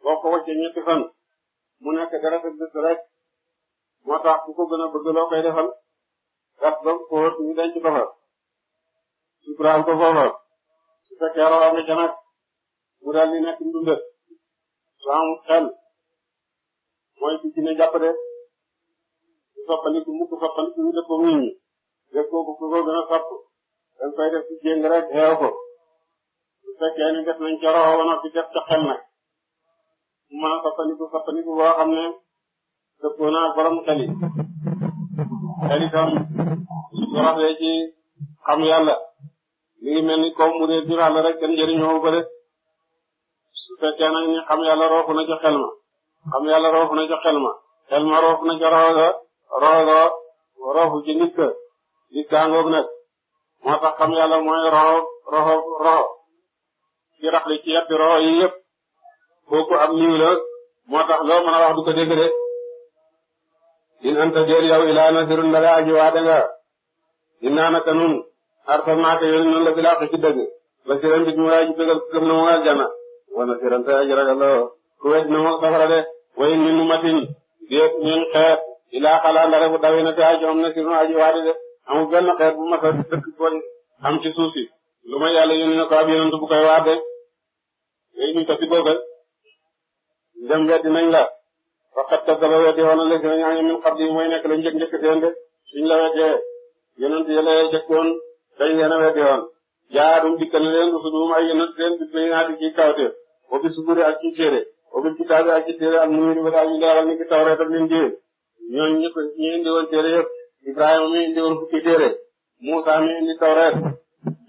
boo ko wàccee ñetti fan mu nekk dara te rek moo tax ku ko gën a loo koy defal gas ba xóot ñu denc ko fa sutural ko foofa su fekkee rawal nga ca mu daal di nekk ndundët su am xel mooy si ci ne de su soppaliku mukk soppaliku ñu def ko muy ñi def ko ku ko gën a sopp dañ koy def ci jéng rek xeew ko su fekkee def nañ ca rawal woon di def ca xel mu mën a soppandiku soppandiku boo xam ne dëppoo borom xel yi xel rafee ci xam yàlla li ngi mel ni comme mu dee jur rek kenn jëriñoo ko fekkee nag ni xam yàlla roofu na ca xel xam yàlla roofu na ca xel ma xel ma roofu na ca rooga rooga roofu ci nit ka ngoog nag moo tax xam yàlla mooy roxo roxo ci raxli ci yàppi roxo yi yëpp kooku am niw moo tax loo mën a wax du ko dégg de in anta dér yow ilaa nasirun da aji waate nga innaa naka nun arsalnaaka yooni nun la bilaa xi ci dëgg basiran bi mu waaji bégal ku gëm na wa nasiran te aji ragal la ku wet na mu de wa in min ummatin déet ñun xeet ilaa xalaa ndare dawina te aji am nasirun aji waate de amul benn xeet bu masa dëkk koy am ci suuf si lu ma yàlla yónni na ko ab yonent bu koy waate yooyu ñu ndem weddi nañ la faqat kasaba weddi woon na la si nañu min qabli mooy nekk lañ njëkk njëkk seen de suñ la weddee yonent yi la jëkkoon dañ leen a weddi woon jaadum dikkal leen rusulum ay yonent seen bis nañ naa di ci kawte wa bi suburi ak ci téere wa bi kitaabi ak ci téere ak munir ba daal ñu leeral ni ki tawreet ak leen jéer ñooñu ñëpp ñu indi woon téere yëpp Ibrahima mi indi woon fukki téere Muusa mi indi tawreet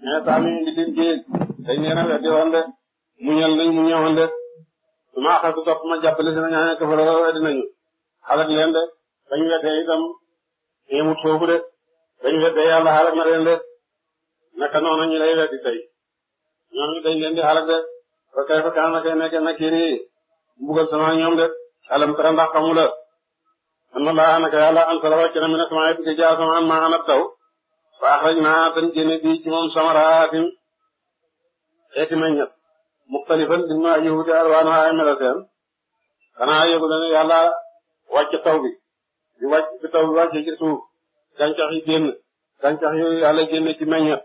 Isa mi indi linjiil dañ leen a weddi woon de muñal nañ mu ñëwoon de maa xas topp ma jàppale si nañu ne kafaroo weddi nañu leen de dañu weddee itam yemut foofu de dañu weddee yàlla xalak na leen de naka noonu ñu lay weddi tey ñooñu dañ leen di xalak de ba kay fa kaan la kay nekkee na kii nii sama ñoom de alam tara ndax xamu la anna laa an sala wàcc na mi ne sama yëpp ci jaar sama an maa taw fa axraj naa tan génne bi ci moom samaraatin xeeti meññat muxtalifan di ma aji wute alwaanu ay meloteen xanaa yëgu na ne yàlla wàcc taw bi wàcc taw bi wàcce ci suuf gàncax yi génn gàncax yooyu yàlla génn ci meññet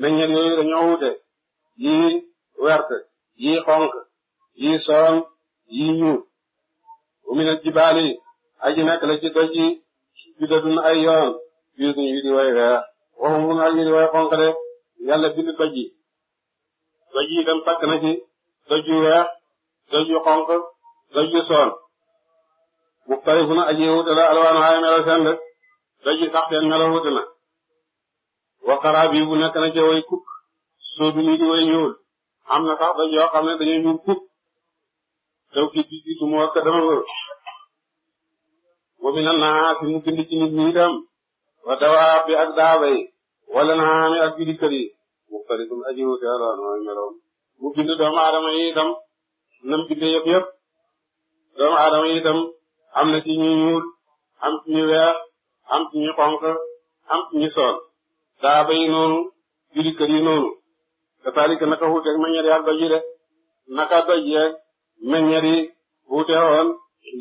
meññet yooyu dañoo wute yii wert yii xonq yii soron yii ñuul umina jibaali aji nekk ci doj yi juddadun ay yoon yusuñ yu di way weex waxum mun ak yu di way xonq de yàlla bind doj yi doj yi dem takk na ci doj yu weex doj yu xonq doj yu soon bu tarifu aji wute la alwaan waaye melo seen de sax seen melo wute na waxaraab bu nekk na ci way kukk soodu ni way ñuul am na sax doj yoo xam ne dañuy ñuul kukk daw ki di di tumoo ka dama wër wobi na naa si mu bind ci nit ñi wa dawaab bi ak daaba wala naa mi ak bidikër yi muxtalifun aji wuute loolu mooy meloom mu bind doomu aadama yi itam nam bindee yëpp yëpp doomu aadama yi itam am na ci ñu ñuul am ci ñu weex am ci ñu xonq am ci ñu sool saaba yi noonu julikat yi noonu kasaalika naka wuuteeg meññeer yàlla de naka doj yeeg meññeer yi wuute woon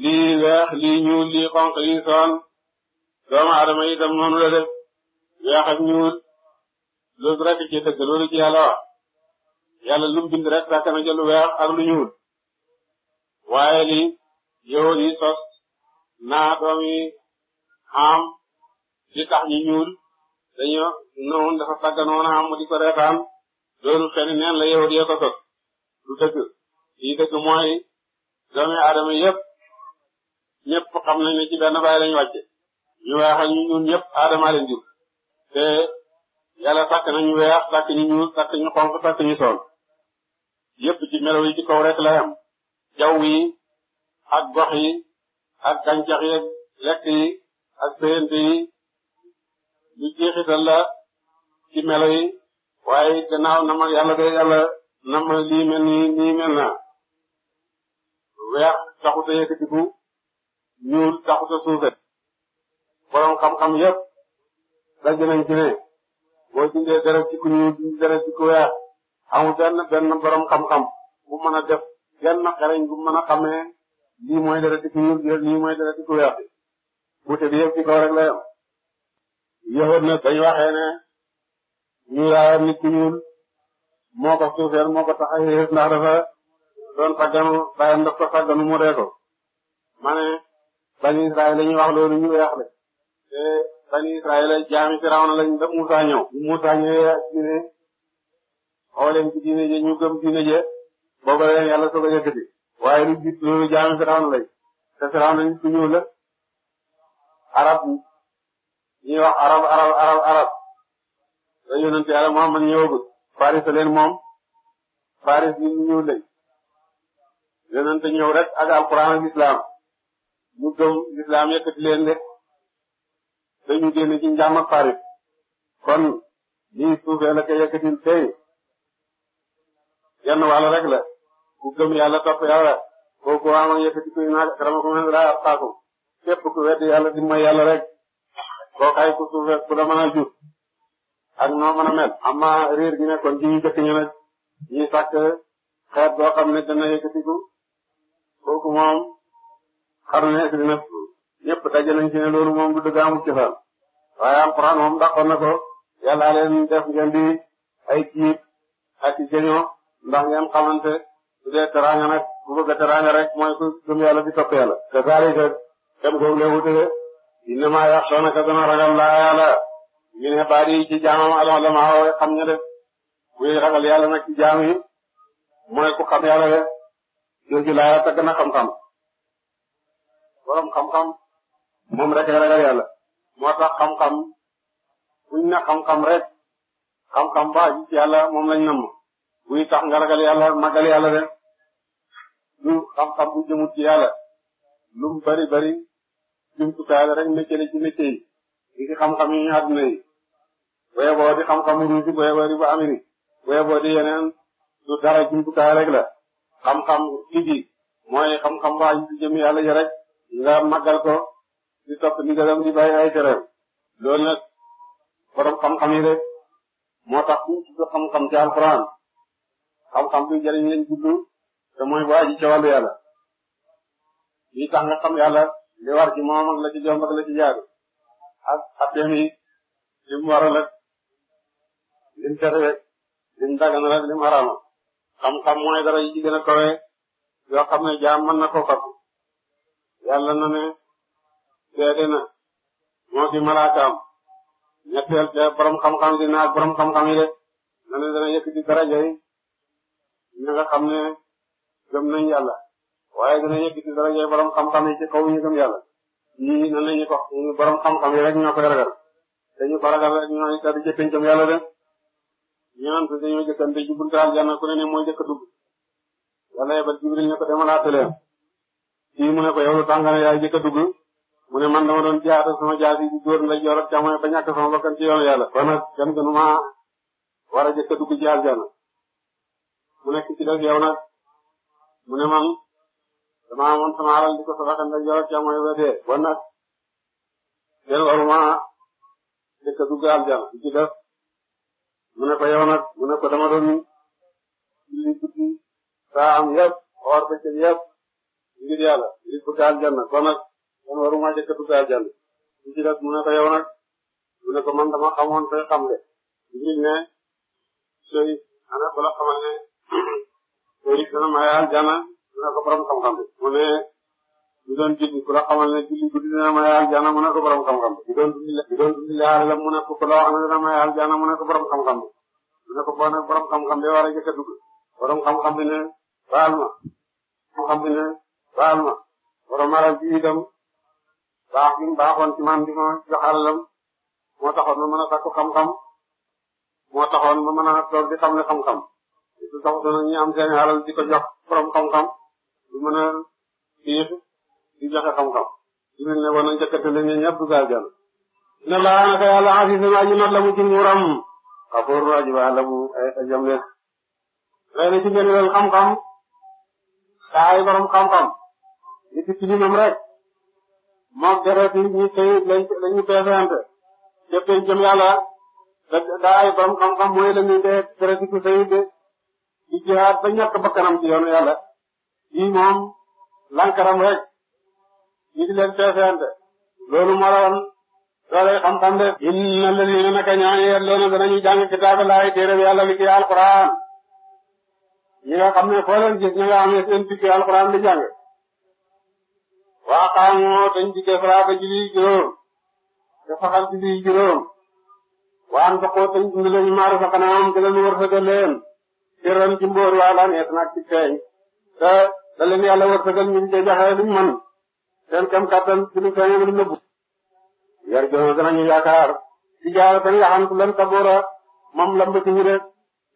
weex lii ñuul lii xonq lii sool doomu aadama yi itam noonu la def weex ak ñuul loolu rek ci dëgg loolu ci yàlla wax yàlla lu mu bind rek sàkk na ca weex ak lu ñuul waaye li yahud yi sos naa doomi am di tax ñu ñuul dañoo noonu dafa sàgganoon am mu di ko reetaan loolu xeni neen la yahud yee ko sos lu dëgg lii dëgg mooy doomi aadama yépp ñépp xam nañ ne ci benn baay lañu wàcce ñu weex ak ñuul ñépp aadama leen jur te yàlla sàkk na ñu weex sàkk ñu ñuul sàkk ñu xonq sàkk ñu sool yépp ci melaw ci kaw rek la yam jaww yi ak gox yi ak gàncax yi ak lekk yi ak séyante yi lu jeexital la ci melo waaye gannaaw na ma yàlla de yàlla na lii mel nii nii mel na weex taxut a yëkkatiku ñuul taxut a suufe borom xam-xam yépp daje nañ ci boo dindee deret ci ku ñuul deret ci ku weex amul benn benn borom xam-xam bu mën a def genn xereñ bu mën a xamee lii mooy deret ci ku ñuul lii mooy deret ci ku weex bi wute bi yëpp ci kaw rek la yem yëxoot nag dañu waxee ne ñuulaayam ku ñuul moo ko suufeel moo ko tax a yées ndax dafa doon sagganu sagganu mu ree ko ma ne bani wax loolu ñu weex le bani Israël jaami Firawna lañ ba Musa ñëw Musa ñëwee ak diine xoo leen ci ñu gëm diine je booba leen yàlla soog a waaye lu jiit jaami Firawna lañ te Firawna nit ku ñëw la arab ñuy arab arab arab arab da yonent yàlla Muhammad ñëwagul Faris leen moom Faris ñu ñëw lañ yonent ñëw rek ak alquran ak islam ñu gëm islam yëkkati leen rek dañu génn ci njàmm ak paris kon lii suufee la ko tey genn wàll rek la ku gëm yàlla topp yàlla kooku ama yëkkati ko inaa akramakum indallahi atqaakum képp ku weddi yàlla di mooy yàlla rek kookaay ku suufee ku la mën jur ak noo mën a mel amma réer gi ne kon ci ñu jëkk ñu nag ñi sàkk xam ne dana yëkkatiku kooku moom xam ne ñëpp daje nañ ci ne loolu moom du dëgg amul cosaan waaye alxuraan moom dàqoon na ko yàllaa leen def ngeen di ay kiit ak jëñoo ndax ngeen xamante su dee teraanga rek mooy ku gëm yàlla di topp yàlla te zalika dem googu lee wute de innama yaxshawnaka gën a ragal laa yàlla ñu ne baat ci jaamam al-ulamaa way xam ña def kuy ragal yàlla nag ci jaam mooy ku xam yàlla de jooju laa yàlla te gën xam-xam borom xam-xam moom rek a ragal yàlla moo tax xam-xam buñ ne xam-xam rek xam-xam ba aju yàlla moom lañ namm buy tax nga ragal yàlla magal yàlla de du xam-xam bu jëmut yàlla lu mu bari bari jumtukaay rek métier la ci métier yi di xam-xam yi àdduna yi boye di xam-xamu ruusi boye di bu Amérique boye di yeneen du dara jumtukaay rek la xam-xam ligi mooy xam-xam ba aju jëm yàlla ji nga magal ko di topp ndigalam di bàyyi ay tereem loolu nag borom xam-xam yi rek moo tax ku tudd xam-xam ci alxuraan xam-xam bi jëriñ lañ gudd te mooy bu aji ci wàllu yàlla lii tax nga xam li war ci moom la ci jomb la ci jaadu ak atteem yi li mu waral ak li mu tere rek li mu harama xam-xam mooy dara yi ci gën a kawe xam ne jaam mën na koo fab yàlla na ne seede na a ki malaakaam ñetteel te borom xam-xam dina ak borom xam-xam de na ne dana yëkkati daraja yi xam ne gëm nañ yàlla waaye dana yëkkati daraja yi borom xam-xam yi kaw ñu gëm yàlla ñii nan lañu ko de ñaan te dañoo ku ne ne mooy jëkk dugg mu ne man dama doon jaata sama jaasi di dóor nday joor ak càmmoñ ba ñàkk sama bakkan ci yoonu yàlla kon nag kenn gënu maa war a aljana mu nekk ci def yow mu ne man dama amoon sama alal di ko sadaqa nday joor ak ba dee bon nag kenn waruma jëkk a aljana di def mu ne ko yow mu ne ko dama doon julli guddi saa am yëpp xoor bëccëg yëpp ngir yàlla ngir aljana kon man waruma njëkk a dugg àjjana li ci des mu ne ko yow nag mu ne ko man dama xamoon te xam de ngir ne sooy ana ko la xamal ne sooy dana may àjjana mu ne ko borom xam-xam bi mu ne ñu doon julli ku la xamal ne julli guddi dana may àjjana mu ne ko borom xam-xam bi ñu doon julli ñu doon julli laal la mu ne ko ku la wax ne dana may àjjana mu ne ko borom xam-xam bi mu ne ko boo ne borom xam-xam bi war a njëkk a dugg borom xam-xam bi ne baal ma xam-xam bi ne baal ma borom alal ji itam baax gi mu baaxoon ci maam di ma jox moo taxoon ma mën a sakku xam-xam moo taxoon ma mën a toog di xam ne xam-xam di ko a fiir di joxe xam-xam di mel ne war nañ jëkkante ne ñun ñëpp dugal jàll. laa naka yàlla asisun aji la mu ci nguuram xafoor aji baax la mu ay sa jëm na ci ngeen xam-xam daa ay borom rek moom deret yi ñuy tey lañu peesante da daay borom xam-xam mooy la ñuy dee deret yi ku sayid di jihaad ba ñàkk bakkanam ci yoonu yàlla yi moom lankaram rek ñu di leen peesante loolu moo doon loolay xam-xam de inna alladhina naka ñaan yelloona danañu jàng kitaaba laay téereb yàlla li ki alquran ñi nga xam ne foo leen ñi nga xam ne seen tikki alquran di jàng waa xaam moo dañ ci def raaba julli juróom te saxal julli juróom waan sa koo dañ dund leen maaru sa kanamam te leen wërsëgal waa lan eet nag ci feeñ te da leen yàlla wërsëgal ñu ngi joxe luñ mën seen kam kattan ci lu feeñ lu yar jono danañu yaakaar ci jaar tan yaxantu lan taboora moom lamb ci rek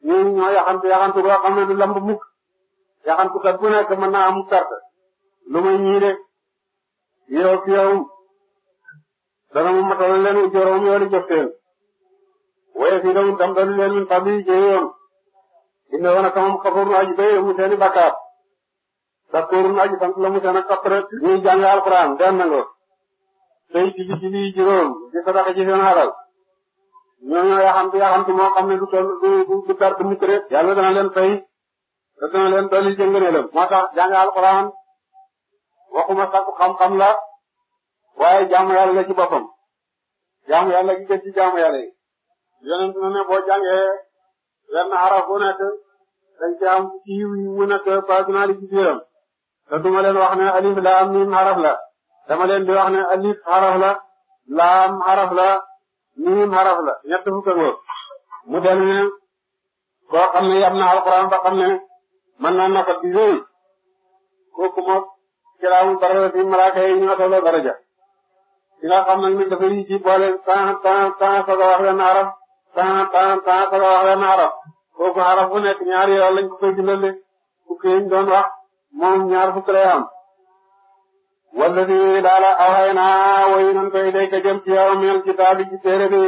ñu ñoo yaxantu yaxantu boo xam ne du lamb mukk yaxantu kat bu nekk mën naa am perte lu muy ñii yow ci yow dana mu matal leen juróom yoonu jotteel waaye fi doon dambalu leen min fadli ci yoon dina woon ak moom xafarun aji bay mu seeni bakkaar sakoorun aji sant la mu seen ak kapret ñuy jàng alxuraan den na nga tey ci ci bi di sadaqa ci seen alal ñooñu yaxantu yaxantu moo xam ne du toll du du perte mukk rek yàlla dana leen fay te dana leen dolli jëngëneelam moo tax jàng alxuraan waxuma sakku xam-xam la waaye jaamu yàlla la ci jaamu yàlla yi yonent ne boo jàngee benn araf bu nekk dañ ci am ci wu nekk personnalité ci biiram te duma leen wax ne alif laam miim xaraf la dama leen di wax ne alif xaraf la laam xaraf la miim xaraf la ñett fukk ak mu dellu ne koo xam ne yam na alxuraan ba xam ne mën naa nafa di wéy kooku moom ci laamu daraja fi malaaka yi ñu atal daraja ki nga xam nag ni dafay ji boole temps temps temps soog a wax leen araf temps temps temps soog a wax leen araf kooku araf bu nekk ñaari yoon lañ ko koy bindale fukki yi ñu doon wax moom ñaar fukki lay am. wala ni daala awhaynaa wayu nan koy day ka jëm ci yow mel kitaabi ci téere bi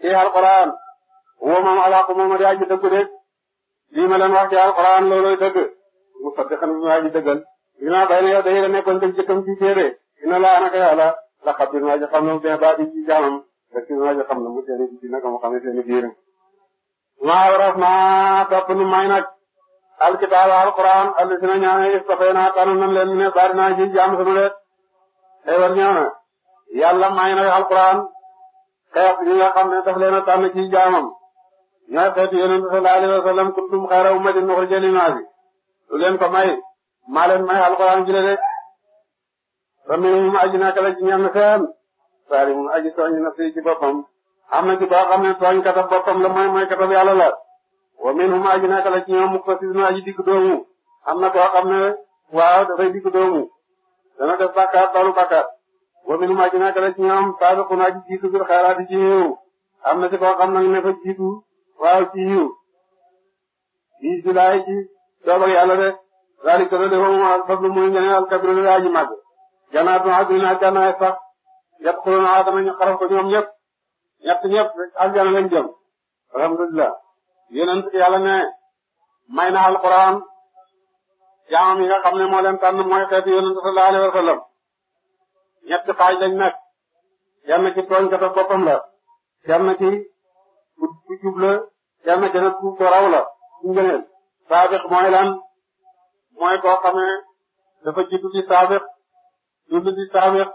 ci alquran woo moom alaaka moom a di aji dëgg de lii ma leen wax ci alquran looloy dëgg mu fàtte xam ne maa ngi dëggal. dinaa bay na yow day la nekkoon dëgg jëkkam ci téere dina laa naka yàlla. la xabir naa ji xam ne mu benn baati ci jaamam la xabir naa ji xam ne mu seeni biti naka mu xame seeni biir maa waraf naa topp nu may nag alkitaaba alquran allisina ñaane istafay naa tànn leen ne baati naa jaam sama de xewal ñëw na yàlla may nag alquran xeet yi nga xam ne daf leen a ci jaamam ñooy xeet yonent sallallahu alayhi wa sallam kuntum xayra ummatin uxrijat linnaasi lu leen ko may maa leen may alquran ji le de fa minhum aji nekk la ci ñenn seen zalimun aji tooñ na fi ci boppam na ci boo xam ne tooñ katab la mooy mooy katab yàlla la wa minhum aji nekk la ci ñoom muqtasidun aji digg doomu am na koo xam ne dafay digg doomu dana def bakkaar balu bakkaar wa minhum aji nekk la ci ñoom sabiqun aji jiitu bil xayraati ci yiw am na ci koo xam ne dafa jiitu waaw ci yiw yi ci laay ci doobag yàlla de zalika loolu dafa mu fas lu muy ñeneen janaatu àddina ak gannaay sax yëpp ku ne ah danañu xarab ko ñoom ñëpp ñett ñëpp aljana lañ jëm alhamdulilah yeneen yàlla ne may na alquran jaam yi nga xam ne moo leen tànn mooy xeetu yonent sallallahu alayhi wa sallam ñetti xaaj lañ nekk kenn ci tooñkatu boppam la kenn ci ku jub la ku ko la ku ngëneel mooy lan mooy koo xamee dafa jiitu ci saabiq jublu ci saabex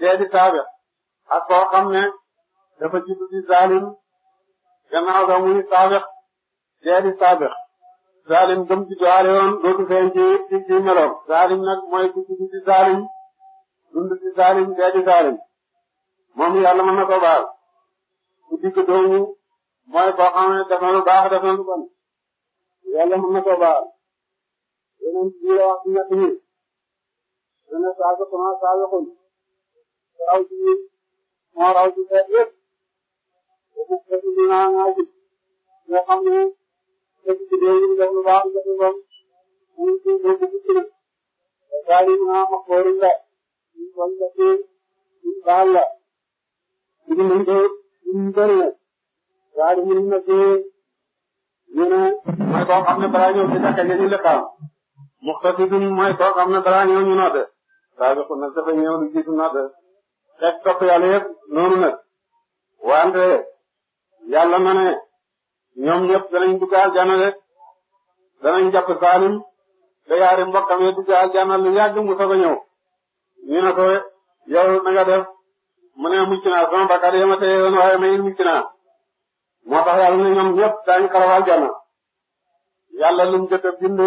dee di saabex ak xam ne dafa jublu ci zalim gannaaw ga muy saabex dee di saabex zalim gëm ci doxale woon dootu feeñ ci ci ci meloom mooy ku jublu ci zalim dund ci zalim dee di moom yàlla mën na ko baal ku digg doomu mooy koo xam ne def na lu baax def na lu bon yàlla mën na ko baal la wax ci ñett dana saaga sama saaga xol raw ci moo raw ci xeet yëpp bu fekk ñu naan aw bi ñoo xam ne fekk ci réew mi def lu baax def lu bon ñu ci ñu ko ci na daal yi naa ma xoorin la ñu ko ñu ci ñu baal la ñu ñu ko ñu bëri na daal yi ñu na ci ñu ne mooy koo xam ne balaa ñëw ci takka ñu lekkaam muxtasidun mooy koo xam ne balaa ñëw ñu noote saabiqu nag dafa ñëw lu jiitu nodd fekk topp yàlla yëpp noonu nag wante yàlla na ne ñoom ñëpp danañ dugg aljana rek danañ jàpp saalim te yaari mbokkam yi dugg aljana lu yàgg mu soog a ñëw ñu ne ko yow na def mu ne mucc naa sama bakkaar yama teye woon waaye may mucc naa moo tax yàlla ne ñoom ñëpp daañu xarab aljana yàlla lu mu jot a bind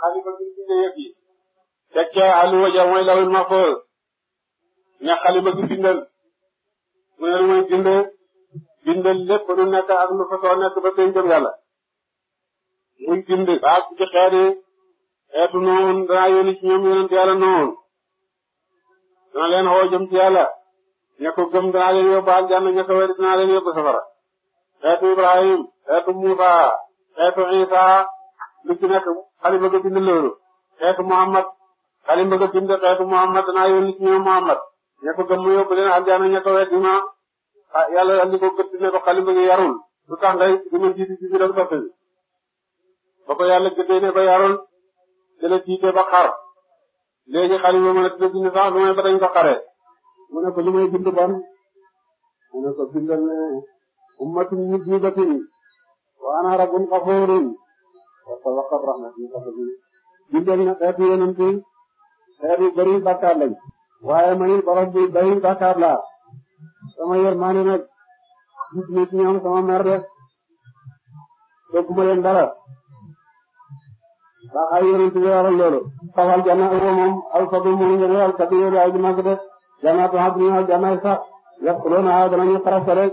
xalifa bi ñu yëpp yi teg ca alluwa ja mooy lawul mahfuz ne xalima gi bindal mu ne mooy bind bindal lépp lu nekk ak lu fa soo nekk ba seen jëm yàlla muy bind baag ci xeet yi xeetu noon danaa ci ñoom yonent yàlla noon dana leen xoo jëm ci yàlla ña gëm danaa leen yóbbu aljanna ña ko wér danaa leen yóbbu safara xeetu ibrahim xeetu musa xeetu isa lu nekk xalima gi bind loolu xeetu muhammad xalim bëgg a binde xeetu Muhammad naa yónni ci ñoom Muhammad ña ko gëm mu yóbbu leen aljana ña ko weddi ma ah, yàlla andi ko gëtt ne ko xalim bëgg yarul lu tax ngay dina jiitu ci biir ak ba ko yàlla gëddee ne ba yarul te la jiite ba xar léegi xalim ba mën a dina bind sax lu may ba dañ ko xaree mu ne ko lu may bind ban mu ne ko bindal ne ummatun mujjibatin wa ana rabbun ghafurun wa sabaqat rahmati bindal na xeetu yonent xeet yu bëri bàkkaar lañ waaye man borom bi bëri bàkkaar laa sama yërmande nag gis na ci ñoom sama mer de dogguma leen dara ndax ay yonent bi waral loolu sawal al fadl moom ngeen al kabir ay mag de jannatu adnin al janna sax danañu xarasa rek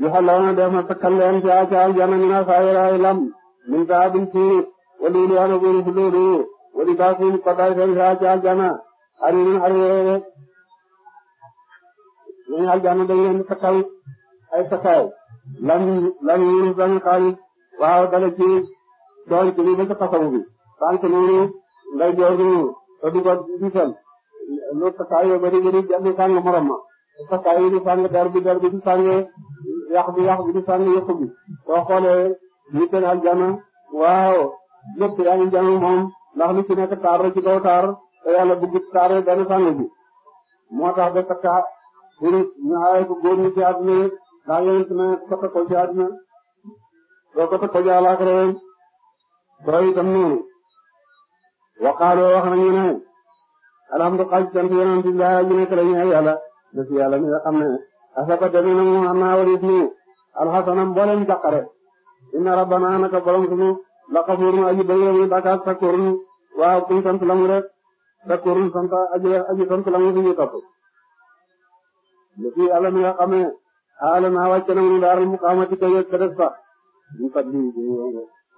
yu xalawna def na takkal leen ci ca al janna mina saayira ay lam min zaabin fi walilu ana gori hululu wali baasuum koddaay seen sa ci aljana hariirun hariire ñooñu aljana dañ leen takkal ay takkaay lam lam yunu ban xaalis waaw dale ci doon ci ba ca fasabu bi tànk nuunu nday joor nuunu te du ko diisal lu takkaay yoo bari bari du sàng morom ma takkaay yi du sàng der bi der bi du sàng yàq bi yàq bi du sàng yëpp bi soo xoolee ñu seen aljana waaw lépp yaa ngi jàng moom ndax lu ci nekk taar la ci kaw taar te yàlla bëggut taar yi benn fànn bi moo tax ba takka hurus ñu aaye ko góor ñi ci àdduna yëpp ndax yonent ne ko takkal ci àdduna doo ko takkal ci àllaaxira yoon doo itam noonu waqaalo wax nañu ne alhamdu xaj sant yonent bi laa ñu nekk la ñu ay yàlla def yàlla mi nga xam ne asaka demee na mu am naa walis ni alxasana mboolem jàqare inna rabbana naka borom sunu la xafuurun aji bëgg la muy bàkkaat waaw kuy sant la mu rek sakkorum sant aji aji sant la mu fi ñu topp lu fi yàlla mi nga xamee xaala naa na mu daaral muqaamati ka yëg ka des fa ñu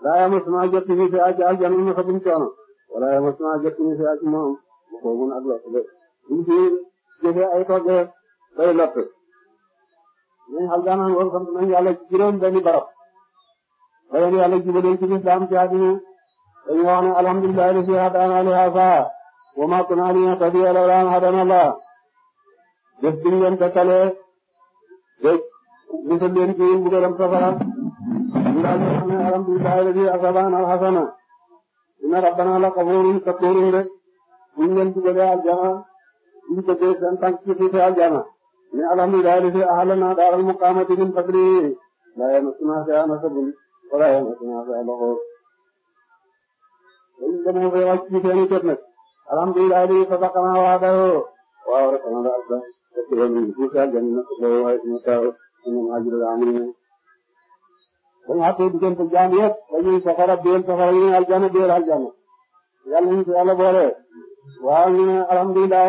laa yama suna jot ñu fi aljan mu xabum coono wala yama suna jot ñu fi aji moom mu xoogun ak lot de ñu fi jëfe ay togge bay lot ñu xal daanaan war sant ci lislaam ci àddina dañu wax ne alhamdulillahi lazi hadaana li haazaa wa maa kunnaa linahtadiya lawlaa an hadaana Allah bés bi ñu leen tëkkalee bés bisal leen ci mbugalam safara ñu daal di wax ne alhamdulillahi lazi asabaana alhasana inna rabbana la ghafuurun shakuurun rek bu ñu leen dugalee aljana ñu tëggee seen tànk ci suufi aljana mais alhamdulillahi lazi ahallana daaral muqaamati min fadlihi laa yamassunaa fiihaa nasabun wa laa yamassunaa fiihaa luguub dañu dem ba wàcc ci seen i kër nag alhamdulilah di sadaqana wa dayoo waaw rek sama daal ba te ci yoon bi Moussa Diagne nag loolu waaye suñu taw suñu naaj bi daa amee dañu xàttee diggante jaam yëpp dañuy safara biir safara yi aljana biir aljana yàlla ñu ci yàlla boole waaw ñu ne alhamdulilah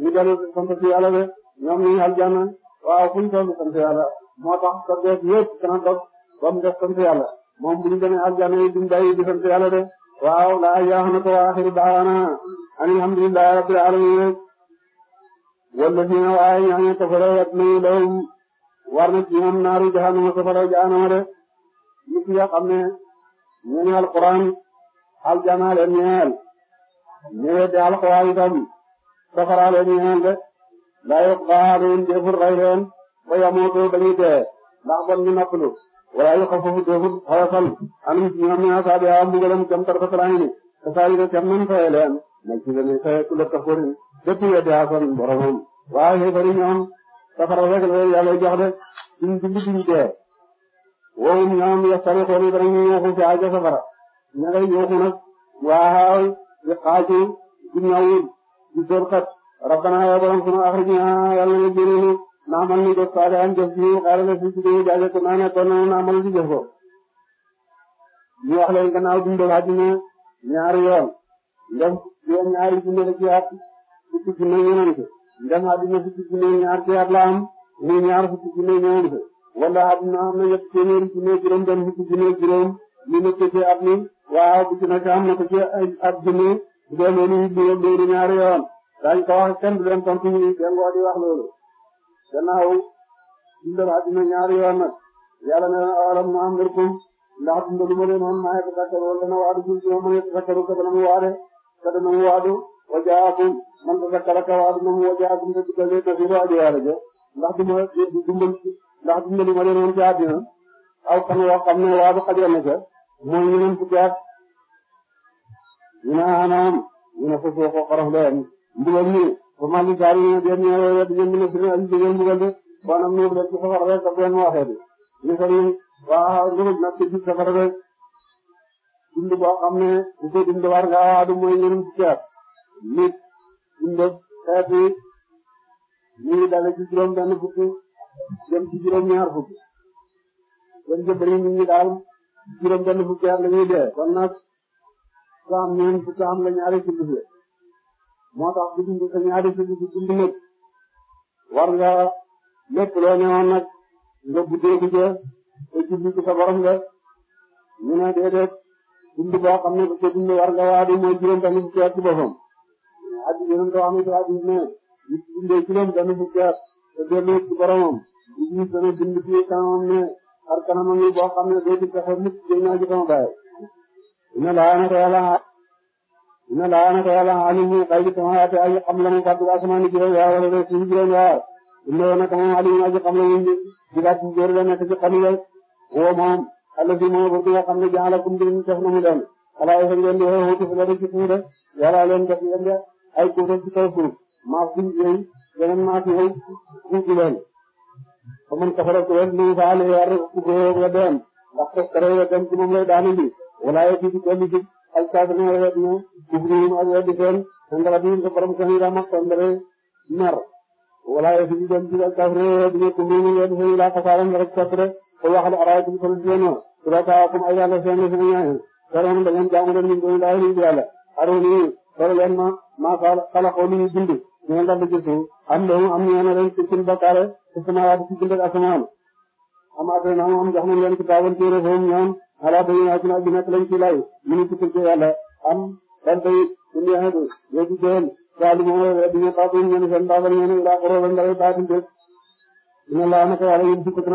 ñu dellu sant ci yàlla de ñoom ñu aljana waaw fu ñu toll sant yàlla moo tax sa def yëpp dana dog ba mu def sant yàlla moom bu ñu demee aljana yi duñ bàyyi di sant yàlla de waaw laa yaxnaka wa axiru daawana an alhamdulillahi rabbil alamin wallazina waaye ñaña kafaro yat nañu lawum war na ci ñoom naaru safara jahannama de nit ya xam ne ñu ne alquran aljana leen ñeel ñu weddi alquran itam safara leen ñeel de laa yuqaaluun deful rey leen ba yamootu dañuy dee ndax bon ñu waaye xafafu teefut xayafal anum ci ñoom ñaa saabi a mbugalam kam tarfatalaay ni te saayira kam nan faye leen nag ci dani faye ku lëkka fori dëpp weddi a kon boromam waaye xeefari ñoom safara rek la yàlla jox de duñ dund duñ dee wowum ñoom yaftari xooni danañu yuuxu fi aja safara ña ngay yuuxu nag waaw di xaaju di ñawul di dóor xat rabbana ya borom sunu axrijna yàlla nga génne na amal ñu def saale am jëf ji xaaral fi si dee jaajëf naa ne kon na amal ñu ñaari yoon ndem yoon ñaari dundal ci at fukki junne ñeent ndem àddina fukki junne ñaar ci at la am ñaar fukki junne ñeent wala am na ñett téeméeri juróom benn fukki junne juróom ñu nekk ci at ñaari yoon dañ ko wax kenn du leen tontu ñu kenn wax loolu gannaaw dundal àdduna ñaari yoon nag yàlla ne awalam nu ndax dundalu ma leen woon maa yatazakkaru dana waadu ci ci man yatazakkaru ka dana mu waade ka dana mu waadu wa man tazakkara ka waadu na mu wa jaakum te dikkal leen nasiru aji waale aw kan woo xam ne waadu xajoon na ca mooy ñu leen fukki at ñu ne anaam ñu ne foofu xorof leen mbugal nii wa ma li zaalimiina bi min nasiir aji jege mbugal de kon am nuuf rek ci safara rek ak waa nuuf nag ci biir safara rek boo xam ne bu ko nga aadu mooy ngënum ci ceeb nit dund ci juróom benn fukki jëm ci juróom ñaar fukki kon jëbëri nit ñi daal juróom benn fukki at la dee kon nag saam ñeen fukki am la ñaari ci moo tax bu dindi sa ñaari dund bu nga lépp loo newoon nag borom nga ñu ne déedéet dund boo xam ne bu ko dund war nga waadi mooy juróom benn fukki at ci boppam. ak yeneen koo xam ne di ne nit ki dundee juróom benn fukki at te dellu ci boromam nit dana dund fii kanamam ne xar kanamam yi boo xam ne doo ci fexe nit ñaa ci sama baay. inna laa naka yàlla alimu xaybi sama yaate aji xam la mu fàttu asamaani juróom yaar wala de suuf yaar inna yoo naka alimu aji xam la mu di laaj ci góor moom àll bi moom bëgg nga xam ne jaala kum déglu def na mu leen xalaat yi ngeen di ci fële ci suuf de yàlla leen ay kuuf rek ci maaf ci yooyu yeneen maaf yooyu tuuti leen ba man kafara ku leen lu ku góor la dem ndax ci moom lay ci al kaafiriin a reet na kufrihim ak weddi seen inda rabbihim sa borom seen ila maqtan dafay mer wala yasidu dem ci al kaafiriin a reet na kufrihim ak weddi seen ila xasaaran rek soppre ko waxal araayatum sol jeno ila taakum ay yàlla seen la seen ñaaxin karoon da ngeen jaamu leen min doon ilaahi ni yàlla aroni sore leen ma ma xalaqoo lu ñu bind ñu ngal ci suuf am lahum am ñeena am am jox leen kitaaban téere foofu ñoom ala bayyinatin ak nag bi nekk lañ ci lay ñu ngi tukkee ci yàlla am ban bayit di doon daal di mu wax di nga ñu ne seen baabal ñu ko roobal ndaray baatin def dina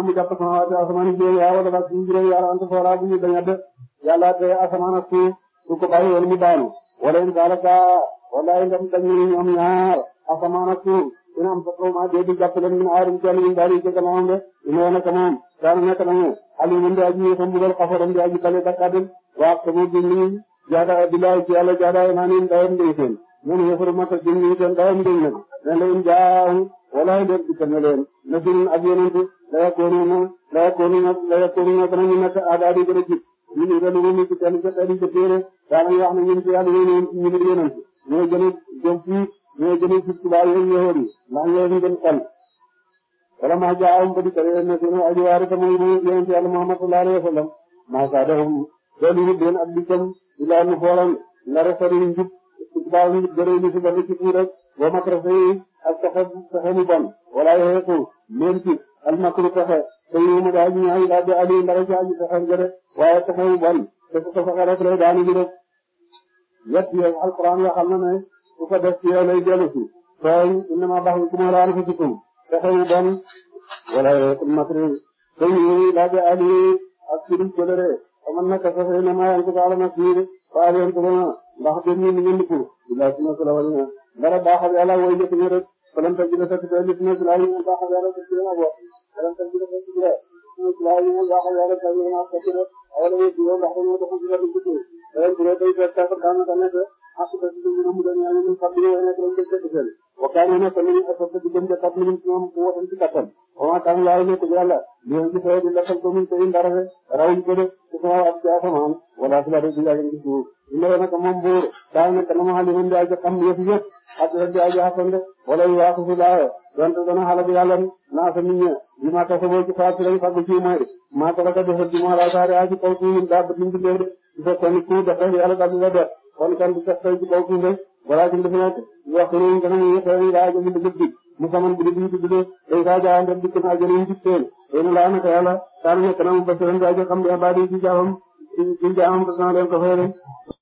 mu jàpp sama waati ñu bañ a def yàlla te asamaan mu daanu wala in saalaka wala in dam ñoom ñaar asamaan inam soxlawuma déedéet jàppale ñu ne aarum kenn ñu daal di jege moom de ina wane que moom daanu nekk na mu Alioum di aji fa mbugal xafaram di aji bale bakkaatam waaw sama jëndi jaada billahi ci yàlla jaada naa ne ndawam day seen man yëfaru ma ko jëndi itam ndawam day nag ne leen jaahu walaay def di tënne leen ne si ñun ak yeneen si laya koonu na laya koonu na laya koonu na danañu nekk aada di gën a jub ñu ngi ci kenn jot a di jëfee rek daanañu wax a ñoo jëlee ci suba yéen yéexoon yi ndax ñoo leen gën xel wala maa jaawam ba di ko yéen nekk na aji waar itam yéen ci yàlla Muhammad sallallahu alayhi wasallam maa saa defam loolu ñu gën ak di jëm di laal ñu xoolal la rafetlu njub suba ñu gëree ñu si ba ci fii rek wa makru yi ak pexe pexe mu bon wala yeexu leen ci al makru pexe te yow mu daal ñu ñaax yi daal di Aliou ndara ci aji pexe gëre waaye pexe te ko fexe rek lay daanu gi rek yëpp yëpp ku ko def ci yow lay dellu si tooñ innama baxukum ala anfusikum fexe yu bon wala yakum makru tey ñu laaj ali ak ci ko dere aman naka safe na ma yantu ala nasir fa aliyantu lana ndax dem ñu ñu ndiku ila sunu salawalina dara baaxal yàlla way jëf ñu rek فلم تجد فتبع باسم سلاله من باح ذلك كثيرا أبوه فلم تجد فتبع باسم سلاله من باح ذلك كثيرا أستكبر أولا يجيبه بحر وتخذ بالكثير فلم تجد فتبع تأخذ كانت أنك حسب تجد من يعني من قبل وأنك لم تستكبر وكان هناك من أسس بجنة قبل من فيهم قوة تكتل وما كان يعلم تجعل لهم بسعيد لقلت من سعين درجة رأي كده تسمع أبتعاف معهم ولا أسباب الجلال من الجهود ndee naka moom buur daaw nekk na mu xalimun di aji xam yëf yëf ak di aji xakonde wala yu waaku fu laaye donte dana xalak yàlla naa sa nit ñi ma ko soboo ci faatu lañ fàggu ci mooy maa ko la ko defal ci moo laa saare aji kaw suufin ba limbi léew de su fekkoon ku dafa yàlla daal la def kon kan du tey ci kaw suuf de balaa ci def nekk wax nañ ko nañu yëpp dañuy daa jëm dëgg bi musamman bu dee bi ñu tuddee day saa jaayante dikk naa jëlee ñu ci seen yéen a laa naka yàlla saa nekk na mu bës ren daal di xam